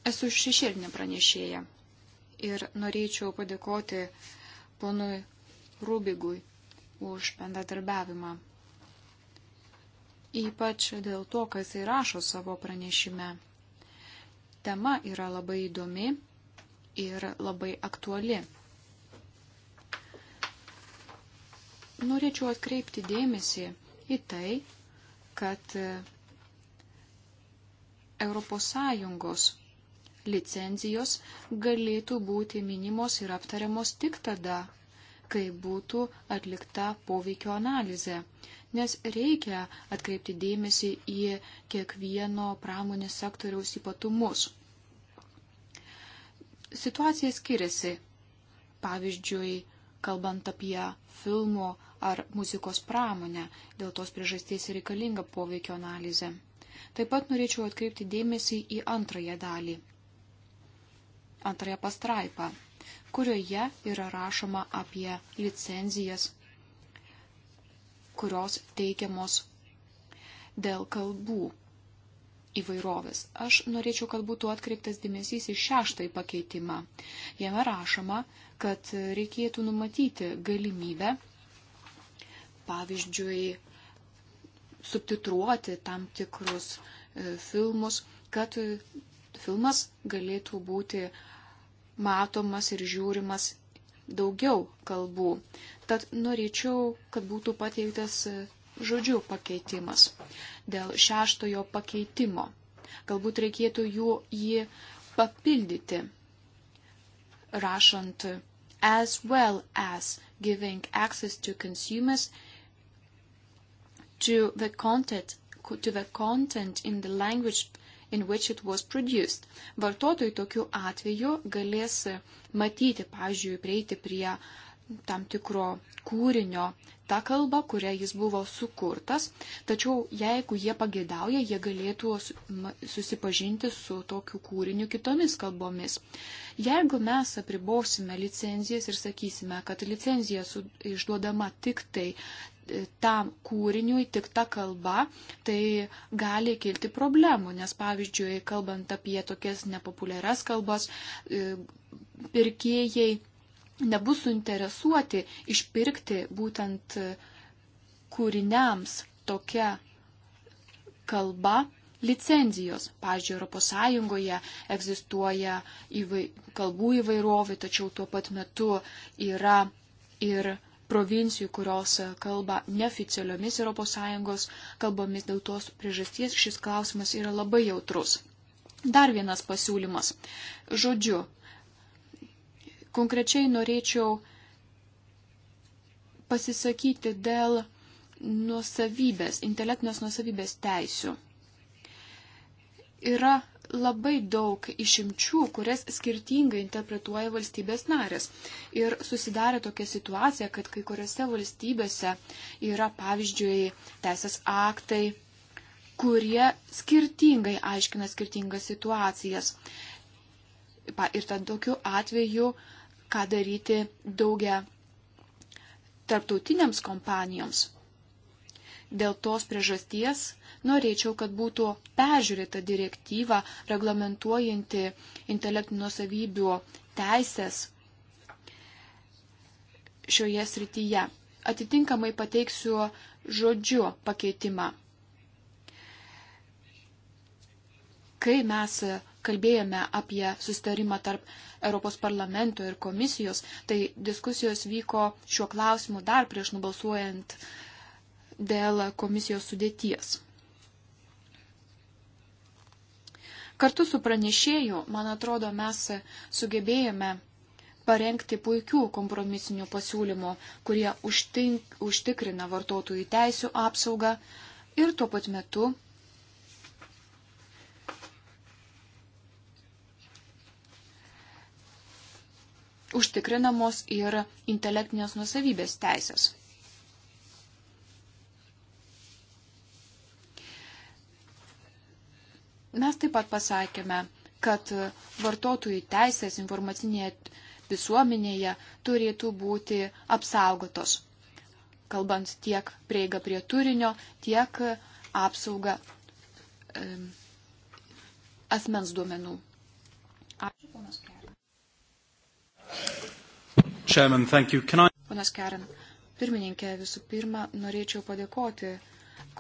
Esu šešėlinė pranešėja ir norėčiau padėkoti ponui Rubigui už bendradarbiavimą. Ypač dėl to, kas įrašo savo pranešime. Tema yra labai įdomi ir labai aktuali. norėčiau atkreipti dėmesį į tai, kad ES licenzijos galėtų būti minimos ir aptariamos tik tada, kai būtų atlikta poveikio analizė, nes reikia atkreipti dėmesį į kiekvieno pramonės sektoriaus ypatumus. Situacija skiriasi. Pavyzdžiui, kalbant apie filmo ar muzikos pramonę. Dėl tos priežasties reikalinga poveikio analizė. Taip pat norėčiau atkreipti dėmesį į antrąją dalį, antrąją pastraipą, kurioje yra rašoma apie licenzijas, kurios teikiamos dėl kalbų įvairovės. Aš norėčiau, kad būtų atkreiptas dėmesys į šeštąjį pakeitimą. Jame rašoma, kad reikėtų numatyti galimybę pavyzdžiui, subtitruoti tam tikrus e, filmus, kad filmas galėtų būti matomas ir žiūrimas daugiau kalbų. Tad norėčiau, kad būtų pateiktas e, žodžių pakeitimas dėl šeštojo pakeitimo. Galbūt reikėtų jų jį papildyti, rašant as well as giving access to consumers to the content, to the content in the language in which it was produced. Vartotojai tokiu atveju galės e, matyti, pavyzdžiui, prieiti prie tam tikro kūrinio tą kalbą, kuria jis buvo sukurtas, tačiau jeigu jie pagėdauja, jie galėtų susipažinti su tokiu kūriniu kitomis kalbomis. Jeigu mes apribosime licenzijas ir sakysime, kad licenzija išduodama tik tai tam kūriniui tik ta kalba, tai gali kilti problemų, nes pavyzdžiui, kalbant apie tokias nepopuliarias kalbas, e, pirkėjai nebus suinteresuoti išpirkti būtent e, kūriniams tokia kalba licenzijos. Pavyzdžiui, ES egzistuoja įvai, kalbų įvairovė, tačiau tuo pat metu yra ir provincijų, kurios e, kalba neoficialiomis ES kalbomis, dėl tos priežasties šis klausimas yra labai jautrus. Dar vienas pasiūlymas. Žodžiu, konkrečiai norėčiau pasisakyti dėl nuosavybės, intelektinės nuosavybės teisių. Yra labai daug išimčių, kurias skirtingai interpretuoja valstybės narės. Ir susidarė tokia situacija, kad kai kuriuose valstybėse yra, pavyzdžiui, teisės aktai, kurie skirtingai aiškina skirtingas situacijas. Ir tad tokiu atveju, ką daryti daugia tarptautinėms kompanijoms. Dėl tos priežasties Norėčiau, kad būtų peržiūrėta direktyva reglamentuojanti intelektinių savybių teisės šioje srityje. Atitinkamai pateiksiu žodžiu pakeitimą. Kai mes kalbėjome apie sustarimą tarp Europos parlamento ir komisijos, tai diskusijos vyko šiuo klausimu dar prieš nubalsuojant dėl komisijos sudėties. Kartu su pranešėju, man atrodo, mes sugebėjome parengti puikių kompromisinių pasiūlymų, kurie užtink, užtikrina vartotojų teisų apsaugą ir tuo pat metu užtikrinamos ir intelektinės nusavybės teisės. Mes taip pat pasakėme, kad vartotojų teisės informacinėje visuomenėje turėtų būti apsaugotos, kalbant tiek prieiga prie turinio, tiek apsauga e, asmens duomenų. Ačiū, ponas Keren. Chairman, thank you. Can I... Ponas Keren, pirmininkė, visų pirma, norėčiau padėkoti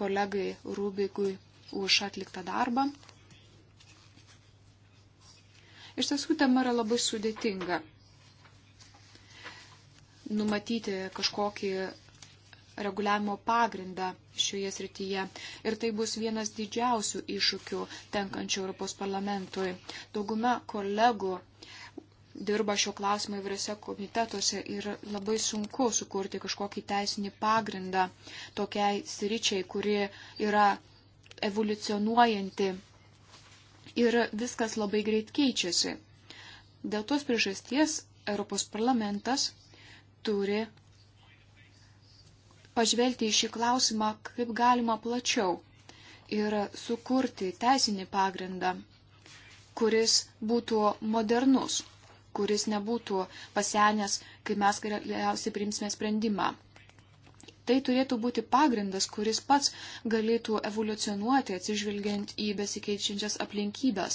kolegai Rubikui už atliktą darbą. Iš tiesų tema yra labai sudėtinga. Numatyti kažkokį reguliavimo pagrindą šioje srityje. Ir tai bus vienas didžiausių iššūkių tenkančių Europos parlamentui. Dauguma kolegų dirba šio klausimo įvairiose komitetuose ir labai sunku sukurti kažkokį teisinį pagrindą tokiai sričiai, kuri yra evoliucionuojanti ir viskas labai greit keičiasi. Dėl tos priežasties Europos parlamentas turi pažvelgti į šį klausimą kaip galima plačiau ir sukurti teisinį pagrindą, kuris būtų modernus, kuris nebūtų pasenęs, kai mes galiausiai primsime sprendimą. Tai turėtų būti pagrindas, kuris pats galėtų evoliucionuoti atsižvelgiant į besikeičiančias aplinkybės.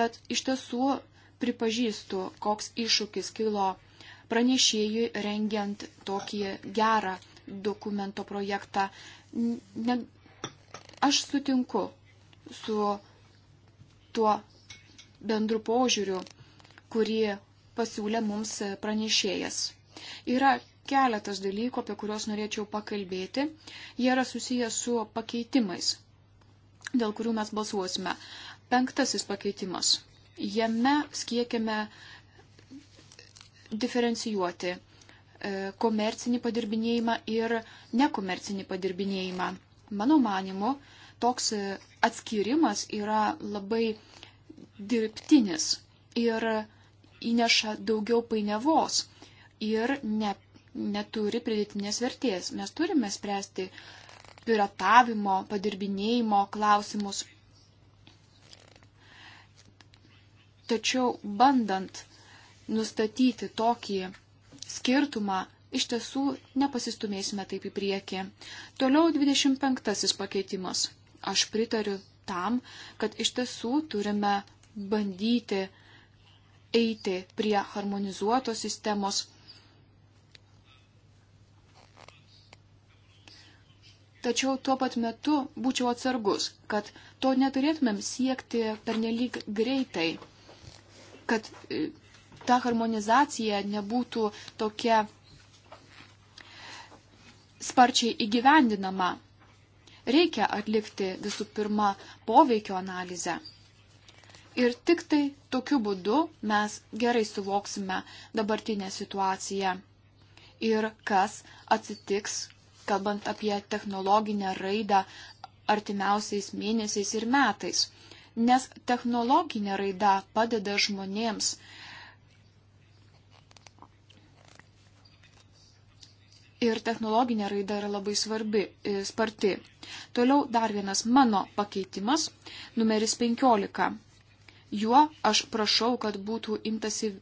Tad iš tiesų pripažįstu, koks iššūkis kilo pranešėjui rengiant tokį gerą dokumento projektą. Ne, aš sutinku su tuo bendru požiūriu, kurį pasiūlė mums pranešėjas. Yra keletas dalykų, apie kuriuos norėčiau pakalbėti. Jie yra susijęs su pakeitimais, dėl kurių mes balsuosime. Penktasis pakeitimas. Jame skiekiame diferencijuoti e, komercinį padirbinėjimą ir nekomercinį padirbinėjimą. Mano manimu, toks e, atskirimas yra labai dirbtinis ir įneša daugiau painiavos ir ne, neturi pridėtinės vertės. Mes turime spręsti piratavimo, padirbinėjimo klausimus. Tačiau bandant nustatyti tokį skirtumą, iš tiesų nepasistumėsime taip į priekį. Toliau 25 pakeitimas. Aš pritariu tam, kad iš tiesų turime bandyti eiti prie harmonizuotos sistemos tačiau tuo pat metu būčiau atsargus, kad to neturėtumėm siekti pernelyg greitai, kad e, ta harmonizacija nebūtų tokia sparčiai įgyvendinama. Reikia atlikti visų pirma poveikio analizę. Ir tik tai tokiu būdu mes gerai suvoksime dabartinę situaciją ir kas atsitiks, kalbant apie technologinę raidą artimiausiais mėnesiais ir metais. Nes technologinė raida padeda žmonėms ir technologinė raida yra labai svarbi, e, sparti. Toliau dar vienas mano pakeitimas, numeris 15. Juo aš prašau, kad būtų imtasi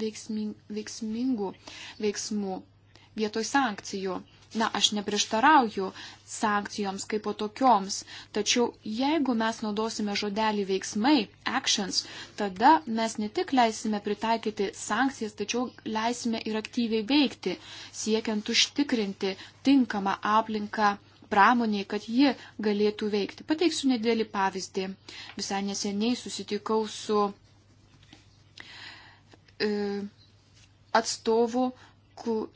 veiksmingų veiksmų vietoj sankcijų. Na, aš neprieštarauju sankcijoms kaip po tokioms, tačiau jeigu mes naudosime žodelį veiksmai, actions, tada mes ne tik leisime pritaikyti sankcijas, tačiau leisime ir aktyviai veikti, siekiant užtikrinti tinkamą aplinką pramoniai, kad ji galėtų veikti. Pateiksiu nedėlį pavyzdį. Visai neseniai susitikau su e, atstovu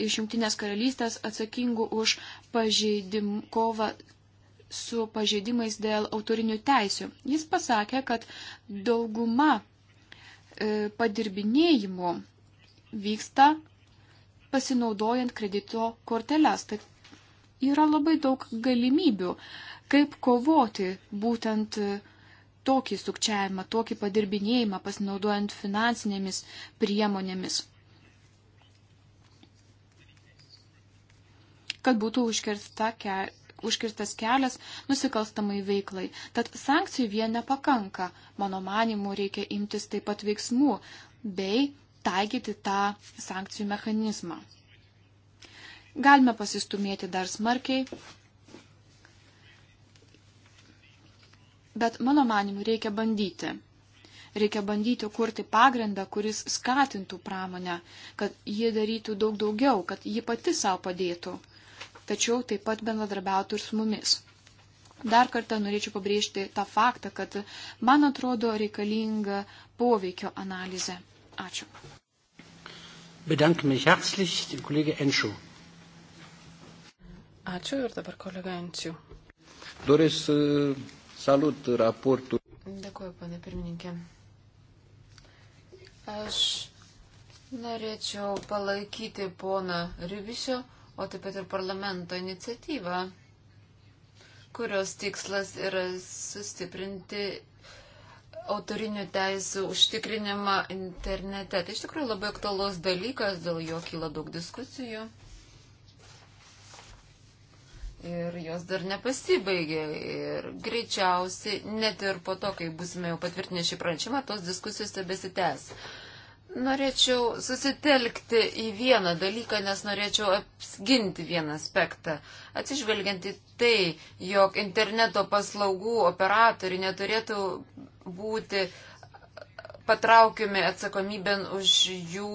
iš Junktinės karalystės atsakingų už pažeidim, kovą su pažeidimais dėl autorinių teisių. Jis pasakė, kad dauguma e, padirbinėjimų vyksta pasinaudojant kredito korteles. Tai yra labai daug galimybių, kaip kovoti būtent e, tokį sukčiavimą, tokį padirbinėjimą pasinaudojant finansinėmis priemonėmis. kad būtų užkirsta kelias užkirstas kelias nusikalstamai veiklai. Tad sankcijų vien nepakanka. Mano manimu, reikia imtis taip pat veiksmų bei taikyti tą sankcijų mechanizmą. Galime pasistumėti dar smarkiai, bet mano manimu reikia bandyti. Reikia bandyti kurti pagrindą, kuris skatintų pramonę, kad ji darytų daug daugiau, kad ji pati savo padėtų tačiau taip pat bendradarbiautų ir su mumis. Dar kartą norėčiau pabrėžti tą faktą, kad man atrodo reikalinga poveikio analizė. Ačiū. Bedanke mich herzlich, der Kollege Enschu. Ačiū ir dabar kolega Enčių. Doris, salut raportų. Dėkuoju, pane pirmininkė. Aš norėčiau palaikyti poną Rybisio o taip pat ir parlamento iniciatyvą, kurios tikslas yra sustiprinti autorinių teisų užtikrinimą internete. Tai iš tikrųjų labai aktualus dalykas, dėl jo kyla daug diskusijų. Ir jos dar nepasibaigė. Ir greičiausiai, net ir po to, kai busime jau patvirtinę šį pranešimą, tos diskusijos tebesitęs. Tai Norėčiau susitelkti į vieną dalyką, nes norėčiau apsginti vieną aspektą. Atsižvelgiant į tai, jog interneto paslaugų operatoriai neturėtų būti patraukiami atsakomybėn už jų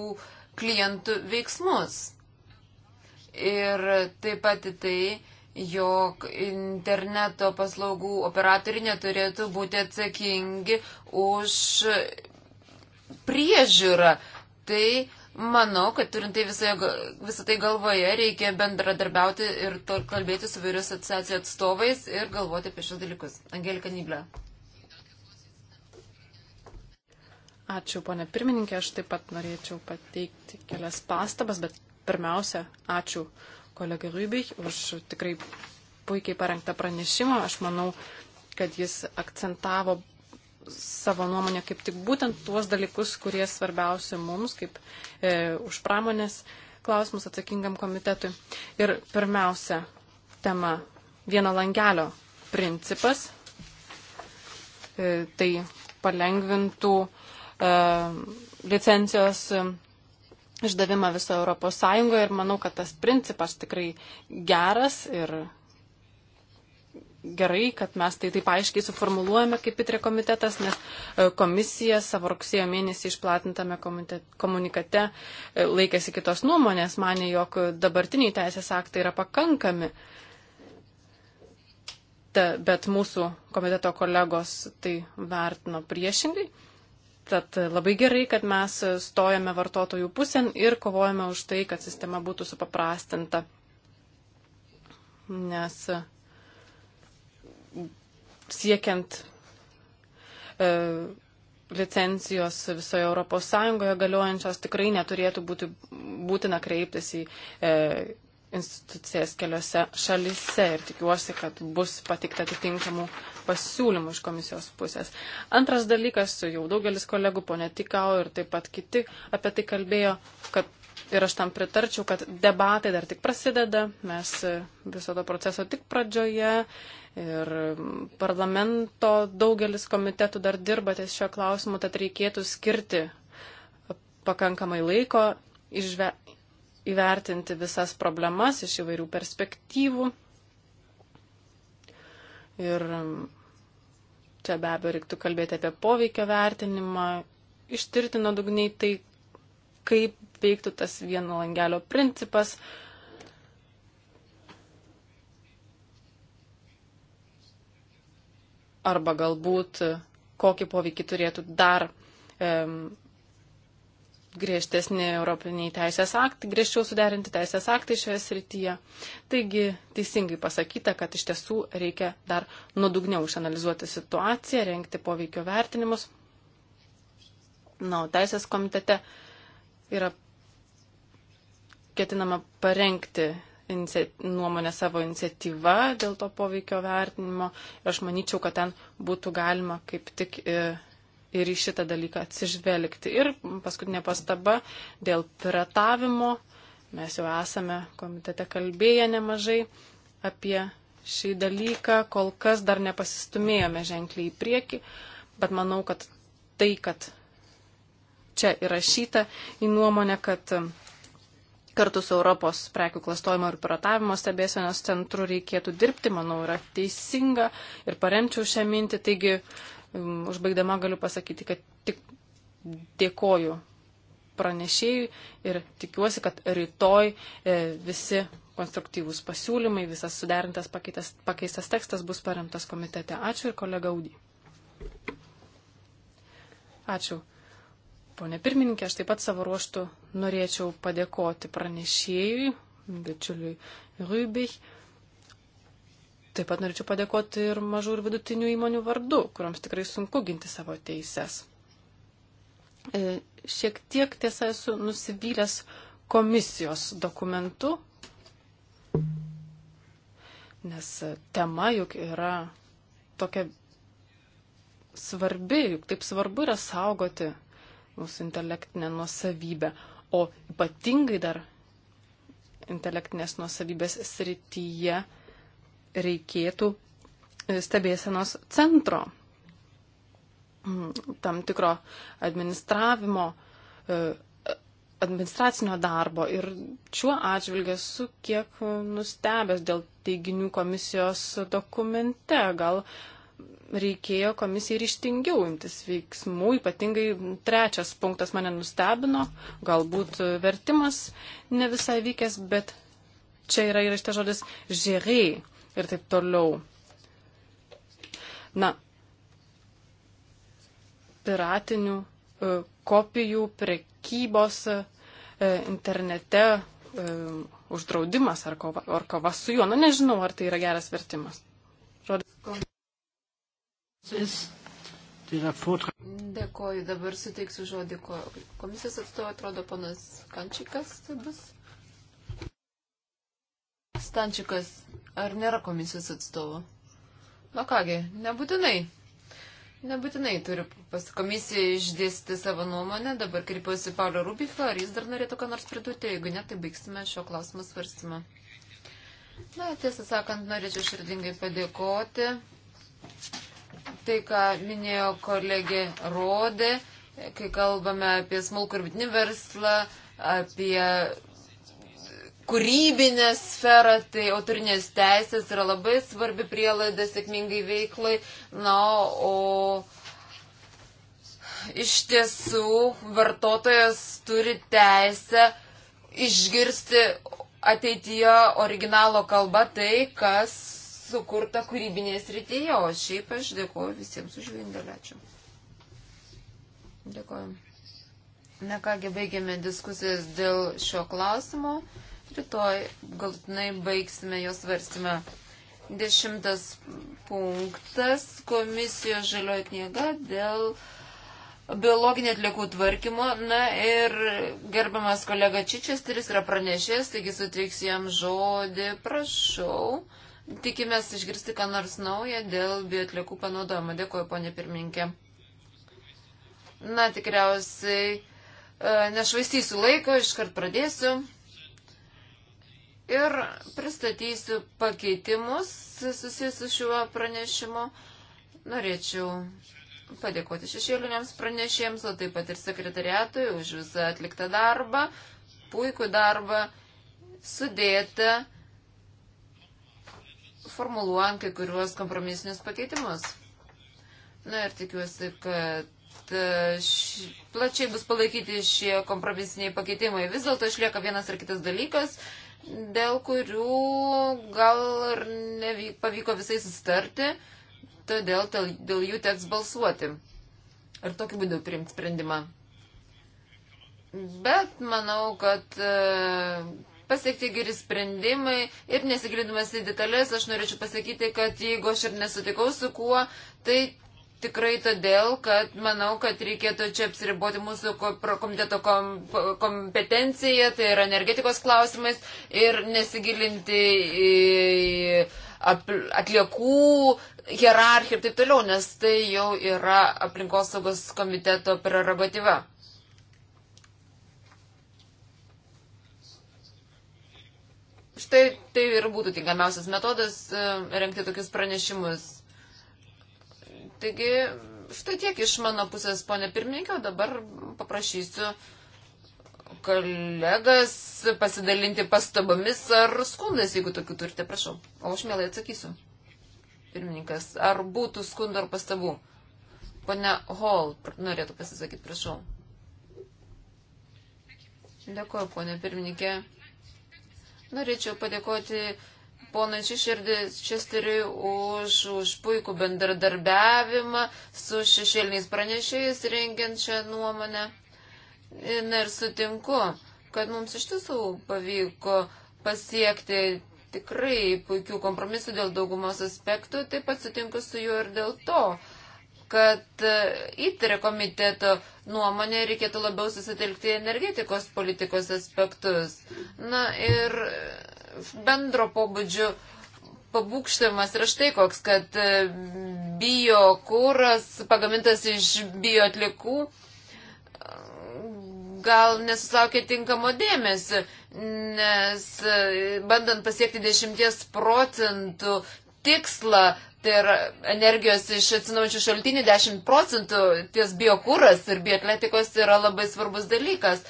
klientų veiksmus. Ir taip pat į tai, jog interneto paslaugų operatoriai neturėtų būti atsakingi už priežiūra. Tai manau, kad turint tai visą, visą tai galvoje, reikia bendradarbiauti ir kalbėti su vairių asociacijų atstovais ir galvoti apie šios dalykus. Angelika Nyblė. Ačiū, ponė pirmininkė. Aš taip pat norėčiau pateikti kelias pastabas, bet pirmiausia, ačiū kolegai Rybich už tikrai puikiai parengtą pranešimą. Aš manau, kad jis akcentavo savo nuomonę kaip tik būtent tuos dalykus, kurie svarbiausi mums, kaip e, už pramonės klausimus atsakingam komitetui. Ir pirmiausia tema - vieno langelio principas. E, tai palengvintų e, licencijos e, išdavimą viso Europos Sąjungoje ir manau, kad tas principas tikrai geras ir gerai, kad mes tai taip aiškiai suformuluojame kaip ITRE komitetas, nes e, komisija savo rugsėjo mėnesį išplatintame komitet, komunikate e, laikėsi kitos nuomonės, mane, jog dabartiniai teisės aktai yra pakankami. Ta, bet mūsų komiteto kolegos tai vertino priešingai. Tad e, labai gerai, kad mes stojame vartotojų pusėn ir kovojame už tai, kad sistema būtų supaprastinta. Nes siekiant e, licencijos visoje Europos Sąjungoje galiojančios tikrai neturėtų būti būtina kreiptis į e, institucijas keliose šalise ir tikiuosi, kad bus patikta atitinkamų pasiūlymų iš komisijos pusės. Antras dalykas, jau daugelis kolegų, ponė Tikau ir taip pat kiti apie tai kalbėjo, kad ir aš tam pritarčiau, kad debatai dar tik prasideda, mes viso to proceso tik pradžioje ir parlamento daugelis komitetų dar dirba ties šio klausimu, tad reikėtų skirti pakankamai laiko išve, įvertinti visas problemas iš įvairių perspektyvų. Ir čia be abejo reiktų kalbėti apie poveikio vertinimą, ištirti nuodugniai tai, kaip veiktų tas vieno langelio principas. Arba galbūt e, kokį poveikį turėtų dar um, griežtesni europiniai teisės aktai, griežčiau suderinti teisės aktai šioje srityje. Taigi teisingai pasakyta, kad iš tiesų reikia dar nuodugniau išanalizuoti situaciją, renkti poveikio vertinimus. Na, o teisės komitete uh, yra ketinama parengti nuomonę savo iniciatyvą dėl to poveikio vertinimo. Ir aš manyčiau, kad ten būtų galima kaip tik ir į šitą dalyką atsižvelgti. Ir paskutinė pastaba dėl piratavimo. Mes jau esame komitete kalbėję nemažai apie šį dalyką. Kol kas dar nepasistumėjome ženkliai į priekį, bet manau, kad tai, kad čia įrašyta į nuomonę, kad kartu su Europos prekių klastojimo ir piratavimo stebėsenos centru reikėtų dirbti, manau, yra teisinga ir paremčiau šią mintį. Taigi, um, užbaigdama galiu pasakyti, kad tik dėkoju pranešėjui ir tikiuosi, kad rytoj e, visi konstruktyvūs pasiūlymai, visas suderintas pakeitas, pakeistas tekstas bus paremtas komitete. Ačiū ir kolega Audį. Ačiū. Pone pirmininkė, aš taip pat savo ruoštų norėčiau padėkoti pranešėjui, bičiuliui Rybich. Taip pat norėčiau padėkoti ir mažų ir vidutinių įmonių vardu, kuriams tikrai sunku ginti savo teises. E, šiek tiek tiesa esu nusivylęs komisijos dokumentu, nes tema juk yra tokia svarbi, juk taip svarbu yra saugoti mūsų intelektinę nuosavybę. O ypatingai dar intelektinės nuosavybės srityje reikėtų e, stebėsenos centro, tam tikro administravimo, e, administracinio darbo. Ir šiuo atžvilgiu esu kiek nustebęs dėl teiginių komisijos dokumente. Gal uh, reikėjo komisijai ryštingiau imtis veiksmų, ypatingai trečias punktas mane nustebino, galbūt vertimas ne visai vykęs, bet čia yra ir šitas žodis žieriai ir taip toliau. Na, piratinių e, kopijų prekybos e, internete e, uždraudimas ar kova, ar kova su juo. Na, nežinau, ar tai yra geras vertimas. Dėkoju, dabar suteiksiu žodį. Komisijos atstovai atrodo panas Kančikas, tai bus. Stančikas, ar nėra komisijos atstovo? Na kągi, nebūtinai. Nebūtinai turiu pas komisiją išdėsti savo nuomonę, dabar kreipiuosi Paulio Rubiką, ar jis dar norėtų ką nors pridurti, jeigu ne, tai baigsime šio klausimo svarstymą. Na, tiesą sakant, norėčiau širdingai padėkoti tai, ką minėjo kolegė Rodė, kai kalbame apie smulkų ir vidutinį verslą, apie kūrybinę sferą, tai autorinės teisės yra labai svarbi prielaida sėkmingai veiklai. Na, o iš tiesų vartotojas turi teisę išgirsti ateityje originalo kalbą tai, kas sukurta kūrybinėje srityje, o šiaip aš dėkuoju visiems už jų indėlį. Ačiū. Dėkuoju. Na kągi, baigėme diskusijas dėl šio klausimo. Rytoj galtinai baigsime jos varstymą. Dešimtas punktas - komisijos žalioji knyga dėl biologinė atliekų tvarkymo. Na ir gerbiamas kolega Čičesteris yra pranešęs, taigi suteiksiu jam žodį, prašau. Tikimės išgirsti, ką nors nauja dėl biotliekų panaudojimo. Dėkuoju, ponė pirmininkė. Na, tikriausiai e, nešvaistysiu laiko, iškart pradėsiu. Ir pristatysiu pakeitimus susijusiu šiuo pranešimu. Norėčiau padėkoti šešėliniams pranešėjams, o taip pat ir sekretariatui už visą atliktą darbą, puikų darbą, sudėtą formuluojant kai kuriuos kompromisinius pakeitimus. Na ir tikiuosi, kad e, š... plačiai bus palaikyti šie kompromisiniai pakeitimai. Vis dėlto išlieka vienas ar kitas dalykas, dėl kurių gal ir nevyk, pavyko visai sustarti, todėl dėl jų teks balsuoti. Ir tokiu būdu priimti sprendimą. Bet manau, kad e, pasiekti geri sprendimai ir nesigilindamas į detalės, aš norėčiau pasakyti, kad jeigu aš ir nesutikau su kuo, tai Tikrai todėl, kad manau, kad reikėtų čia apsiriboti mūsų komiteto kom, kompetenciją, tai yra energetikos klausimais ir nesigilinti į atliekų hierarchiją ir taip toliau, nes tai jau yra aplinkosaugos komiteto prerogatyva. Štai tai ir būtų tinkamiausias metodas e, renkti tokius pranešimus. Taigi, štai tiek iš mano pusės, ponė pirmininkė, o dabar paprašysiu kolegas pasidalinti pastabomis ar skundais, jeigu tokių turite, prašau. O aš mielai atsakysiu. Pirmininkas, ar būtų skundų ar pastabų? Pone Hall norėtų pasisakyti, prašau. Dėkuoju, ponė pirmininkė. Norėčiau padėkoti ponai Čišerdį už, už puikų bendradarbiavimą su šešėliniais pranešėjais rengiant šią nuomonę. Na ir sutinku, kad mums iš tiesų pavyko pasiekti tikrai puikių kompromisų dėl daugumos aspektų, taip pat sutinku su juo ir dėl to, kad e, įtarė komiteto nuomonė reikėtų labiau susitelkti energetikos politikos aspektus. Na ir bendro pobūdžio pabūkštimas yra štai koks, kad e, bio kūras pagamintas iš bio atlikų e, gal nesusaukė tinkamo dėmesio, nes bandant pasiekti 10 procentų tikslą, tai yra energijos iš atsinaujančių šaltinių 10 procentų, ties biokūras ir bioatletikos yra labai svarbus dalykas.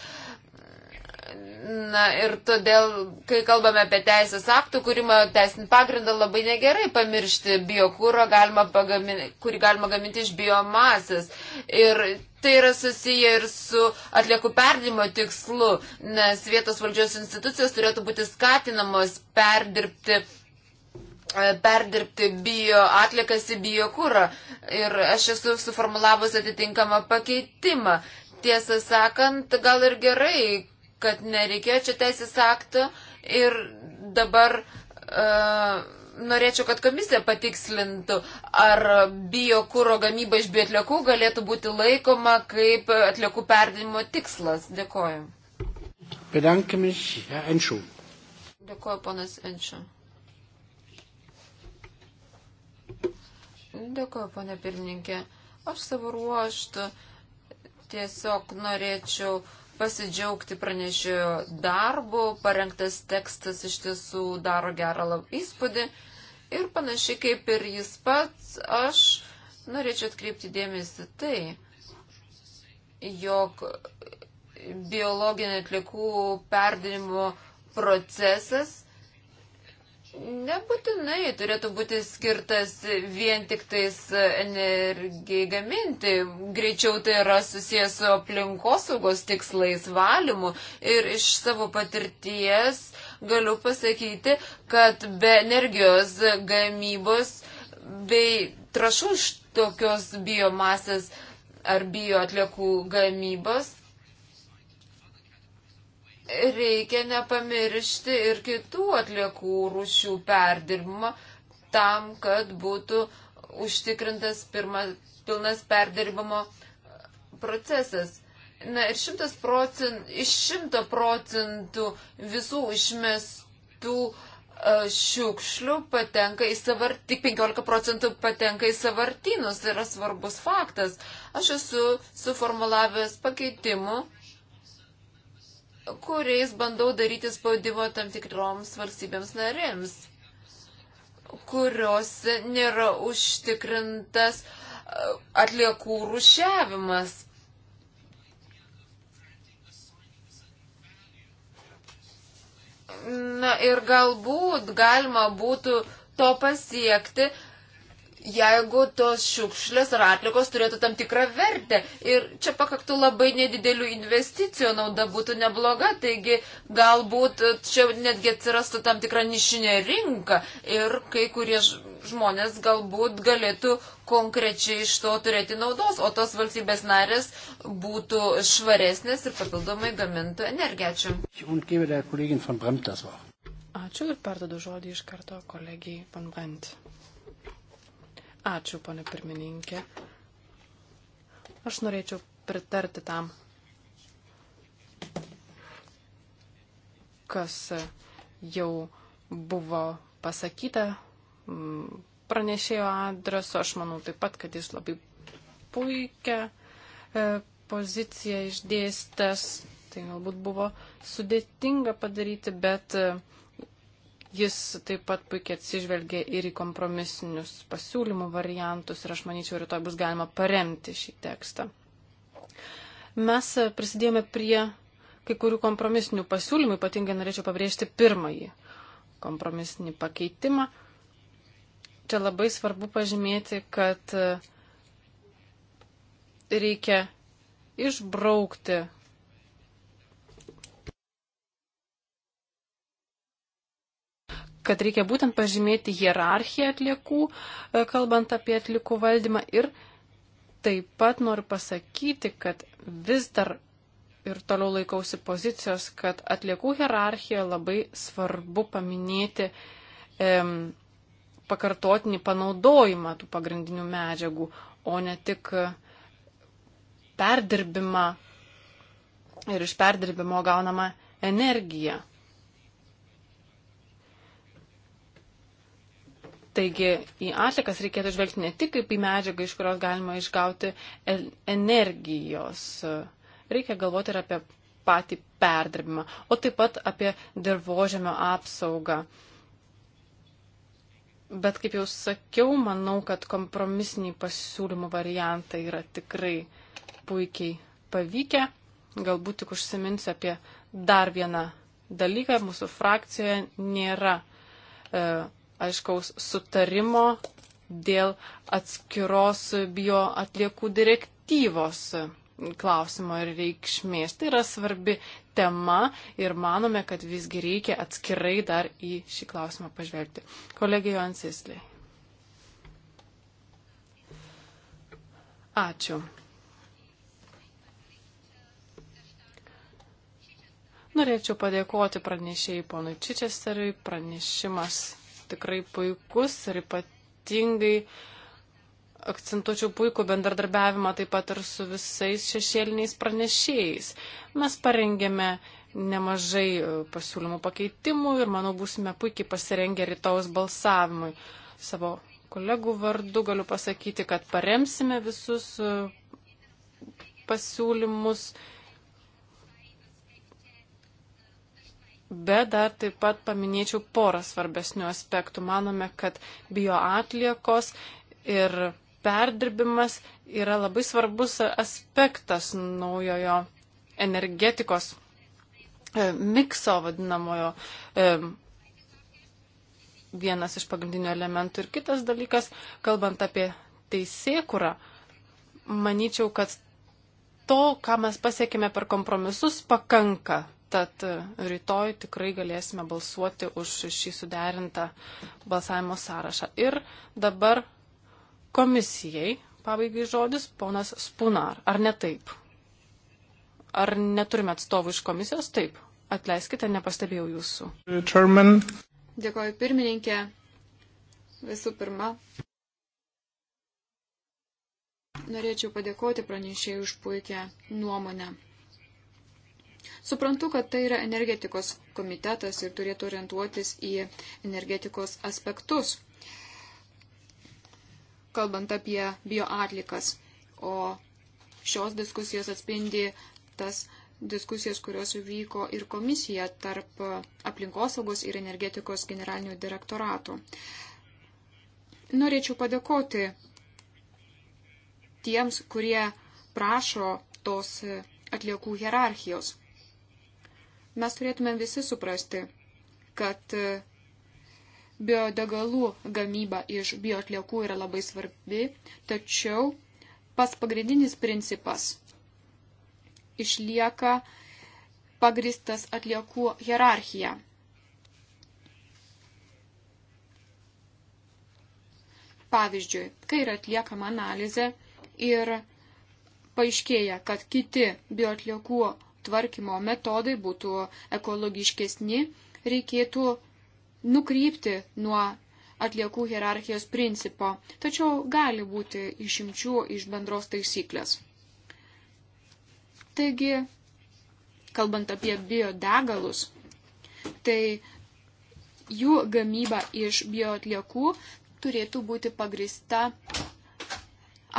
Na ir todėl, kai kalbame apie teisės aktų kūrimą, teisinį pagrindą labai negerai pamiršti biokūro, galima pagamin, kurį galima gaminti iš biomasės. Ir tai yra susiję ir su atliekų perdimo tikslu, nes vietos valdžios institucijos turėtų būti skatinamos perdirbti uh, E, perdirbti bio atlikas į biokūrą. Ir aš esu suformulavusi atitinkamą pakeitimą. Tiesą sakant, gal ir gerai, kad nereikėjo čia teisės akto ir dabar uh, norėčiau, kad komisija patikslintų, ar biokūro gamyba iš biotliekų galėtų būti laikoma kaip atliekų perdinimo tikslas. Dėkoju. Bedankime, Enšų. Dėkoju, ponas Enšų. Dėkuoju, ponė pirmininkė. Aš savo ruoštų tiesiog norėčiau pasidžiaugti pranešėjo darbu, parengtas tekstas iš tiesų daro gerą įspūdį ir panašiai kaip ir jis pats, aš norėčiau atkreipti dėmesį tai, jog biologinė atlikų perdinimo procesas nebūtinai turėtų būti skirtas vien tik tais energijai gaminti. Greičiau tai yra susijęs su aplinkosaugos tikslais, valymu. Ir iš savo patirties galiu pasakyti, kad be energijos gamybos bei trašų iš tokios biomasės ar bioatliekų gamybos reikia nepamiršti ir kitų atliekų rūšių perdirbimą tam, kad būtų užtikrintas pirma, pilnas perdirbimo procesas. Na ir šimtas procentų, iš šimto procentų visų išmestų e, šiukšlių patenka į savart, tik 15 procentų patenka į savartynus, tai yra svarbus faktas. Aš esu suformulavęs pakeitimų kuriais bandau daryti spaudimą tam tikroms valstybėms narėms, kurios nėra užtikrintas uh, atliekų rušiavimas. Na ir galbūt galima būtų to pasiekti, jeigu tos šiukšlės ar atlikos turėtų tam tikrą vertę. Ir čia pakaktų labai nedidelių investicijų, nauda būtų nebloga, taigi galbūt čia netgi atsirastų tam tikra nišinė rinka ir kai kurie žmonės galbūt galėtų konkrečiai iš to turėti naudos, o tos valstybės narės būtų švaresnės ir papildomai gamintų energiją. Ačiū. Ačiū ir perdodu žodį iš karto kolegijai Van Brandt. Ačiū, ponė pirmininkė. Aš norėčiau pritarti tam, kas jau buvo pasakyta mm, pranešėjo adresu. Aš manau taip pat, kad jis labai puikia e, poziciją išdėstęs. Tai galbūt buvo sudėtinga padaryti, bet uh, Jis taip pat puikiai atsižvelgia ir į kompromisinius pasiūlymų variantus ir aš manyčiau, rytoj bus galima paremti šį tekstą. Mes prisidėjome prie kai kurių kompromisinių pasiūlymų, ypatingai norėčiau pabrėžti pirmąjį kompromisinį pakeitimą. Čia labai svarbu pažymėti, kad reikia išbraukti kad reikia būtent pažymėti hierarchiją atliekų, e, kalbant apie atlikų valdymą. Ir taip pat noriu pasakyti, kad vis dar ir toliau laikausi pozicijos, kad atliekų hierarchiją labai svarbu paminėti em, pakartotinį panaudojimą tų pagrindinių medžiagų, o ne tik perdirbimą ir iš perdirbimo gaunamą energiją. Taigi į atlikas reikėtų žvelgti ne tik kaip į medžiagą, iš kurios galima išgauti energijos. Reikia galvoti ir apie patį perdirbimą, o taip pat apie dirbožėmio apsaugą. Bet kaip jau sakiau, manau, kad kompromisiniai pasiūlymų variantai yra tikrai puikiai pavykę. Galbūt tik užsiminsiu apie dar vieną dalyką. Mūsų frakcijoje nėra e, aiškaus sutarimo dėl atskiros bio atliekų direktyvos klausimo ir reikšmės. Tai yra svarbi tema ir manome, kad visgi reikia atskirai dar į šį klausimą pažvelgti. Kolegė Joan Sisley. Ačiū. Norėčiau padėkoti pranešėjai ponui Čičesteriui. Pranešimas tikrai puikus ir ypatingai akcentuočiau puikų bendradarbiavimą taip pat ir su visais šešėliniais pranešėjais. Mes parengėme nemažai e, pasiūlymų pakeitimų ir, manau, būsime puikiai pasirengę rytaus balsavimui. Savo kolegų vardu galiu pasakyti, kad paremsime visus e, pasiūlymus bet dar taip pat paminėčiau porą svarbesnių aspektų. Manome, kad bioatliekos ir perdirbimas yra labai svarbus aspektas naujojo energetikos e, mikso vadinamojo. E, vienas iš pagrindinių elementų. Ir kitas dalykas, kalbant apie teisėkurą, manyčiau, kad to, ką mes pasiekime per kompromisus, pakanka Tad rytoj tikrai galėsime balsuoti už šį suderintą balsavimo sąrašą. Ir dabar komisijai pabaigai žodis ponas Spunar. Ar ne taip? Ar neturime atstovų iš komisijos? Taip. Atleiskite, nepastebėjau jūsų. Chairman. Dėkoju pirmininkė. Visų pirma, norėčiau padėkoti pranešėjai už puikią nuomonę. Suprantu, kad tai yra energetikos komitetas ir turėtų orientuotis į energetikos aspektus, kalbant apie bioatlikas. O šios diskusijos atspindi tas diskusijas, kurios vyko ir komisija tarp aplinkosaugos ir energetikos generalinių direktoratų. Norėčiau padėkoti tiems, kurie prašo tos atliekų hierarchijos. Mes turėtume visi suprasti, kad e, biodegalų gamyba iš bioatliekų yra labai svarbi, tačiau pas pagrindinis principas išlieka pagristas atliekų hierarchija. Pavyzdžiui, kai yra atliekama analizė ir paaiškėja, kad kiti bioatliekų tvarkymo metodai būtų ekologiškesni, reikėtų nukrypti nuo atliekų hierarchijos principo, tačiau gali būti išimčių iš bendros taisyklės. Taigi, kalbant apie biodegalus, tai jų gamyba iš bioatliekų turėtų būti pagrista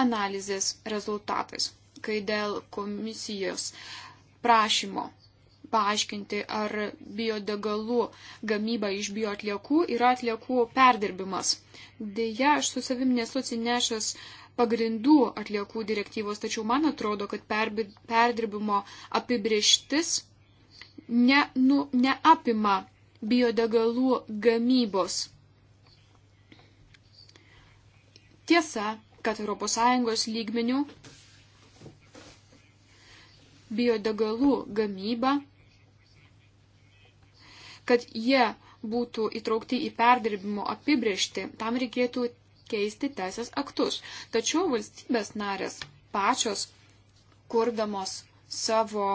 analizės rezultatais, kai dėl komisijos prašymo paaiškinti, ar biodegalų gamyba iš bioatliekų yra atliekų perdirbimas. Deja, aš su savim nesu atsinešęs pagrindų atliekų direktyvos, tačiau man atrodo, kad perdirbimo apibrieštis ne, nu, neapima biodegalų gamybos. Tiesa, kad ES lygmenių biodegalų gamybą, kad jie būtų įtraukti į perdirbimo apibriežti, tam reikėtų keisti teisės aktus. Tačiau valstybės narės pačios, kurdamos savo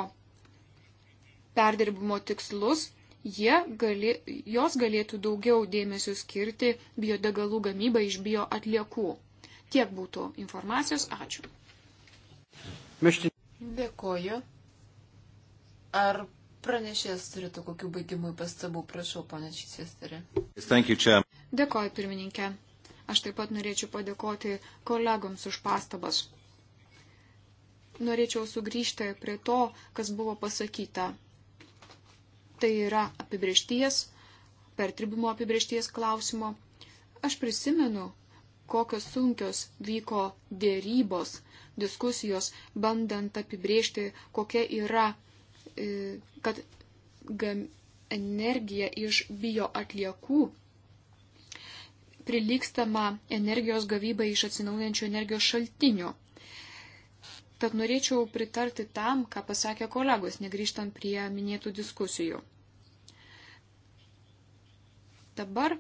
perdirbimo tikslus, gali, jos galėtų daugiau dėmesio skirti biodegalų gamybą iš bioatliekų. Tiek būtų informacijos. Ačiū. Möchte Dėkoju. Ar pranešės turėtų kokių baigimui pastabų? Prašau, ponė Čisėsterė. Dėkoju, pirmininkė. Aš taip pat norėčiau padėkoti kolegoms už pastabas. Norėčiau sugrįžti prie to, kas buvo pasakyta. Tai yra apibriešties, pertribimo apibriešties klausimo. Aš prisimenu, kokios sunkios vyko dėrybos, diskusijos, bandant apibriežti, kokia yra, e, kad energija iš bio atliekų prilykstama energijos gavybai iš atsinaujančių energijos šaltinių. Tad norėčiau pritarti tam, ką pasakė kolegos, negrįžtant prie minėtų diskusijų. Dabar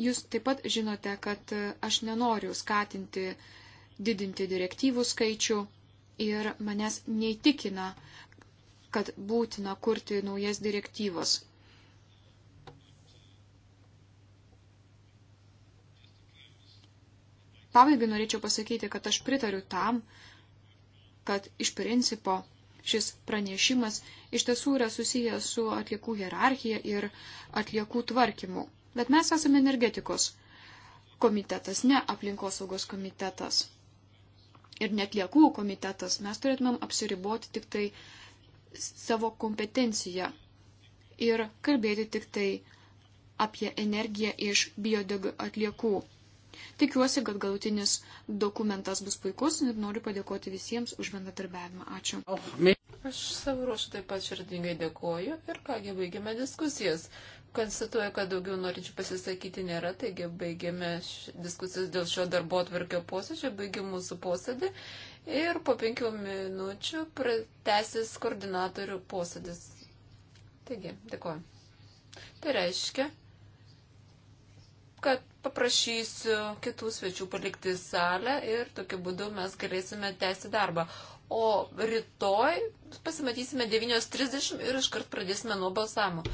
Jūs taip pat žinote, kad e, aš nenoriu skatinti didinti direktyvų skaičių ir manęs neįtikina, kad būtina kurti naujas direktyvas. Pabaigai norėčiau pasakyti, kad aš pritariu tam, kad iš principo šis pranešimas iš tiesų yra susijęs su atliekų hierarchija ir atliekų tvarkymu. Bet mes esame energetikos komitetas, ne aplinkosaugos komitetas. Ir net liekų komitetas. Mes turėtumėm apsiriboti tik tai savo kompetenciją ir kalbėti tik tai apie energiją iš biodeg atliekų. Tikiuosi, kad galutinis dokumentas bus puikus ir noriu padėkoti visiems už bendradarbiavimą. Ačiū. Aš savo ruošų taip pat širdingai dėkoju ir kągi baigėme diskusijas. Konstatuoju, kad daugiau norinčių pasisakyti nėra, taigi baigėme diskusijas dėl šio darbo atvarkio posėdžio, baigėme mūsų posėdį ir po penkių minučių tęsis koordinatorių posėdis. Taigi, dėkoju. Tai reiškia, kad paprašysiu kitų svečių palikti salę ir tokiu būdu mes galėsime tęsti darbą o rytoj pasimatysime 9.30 ir iškart pradėsime nuo balsavimo.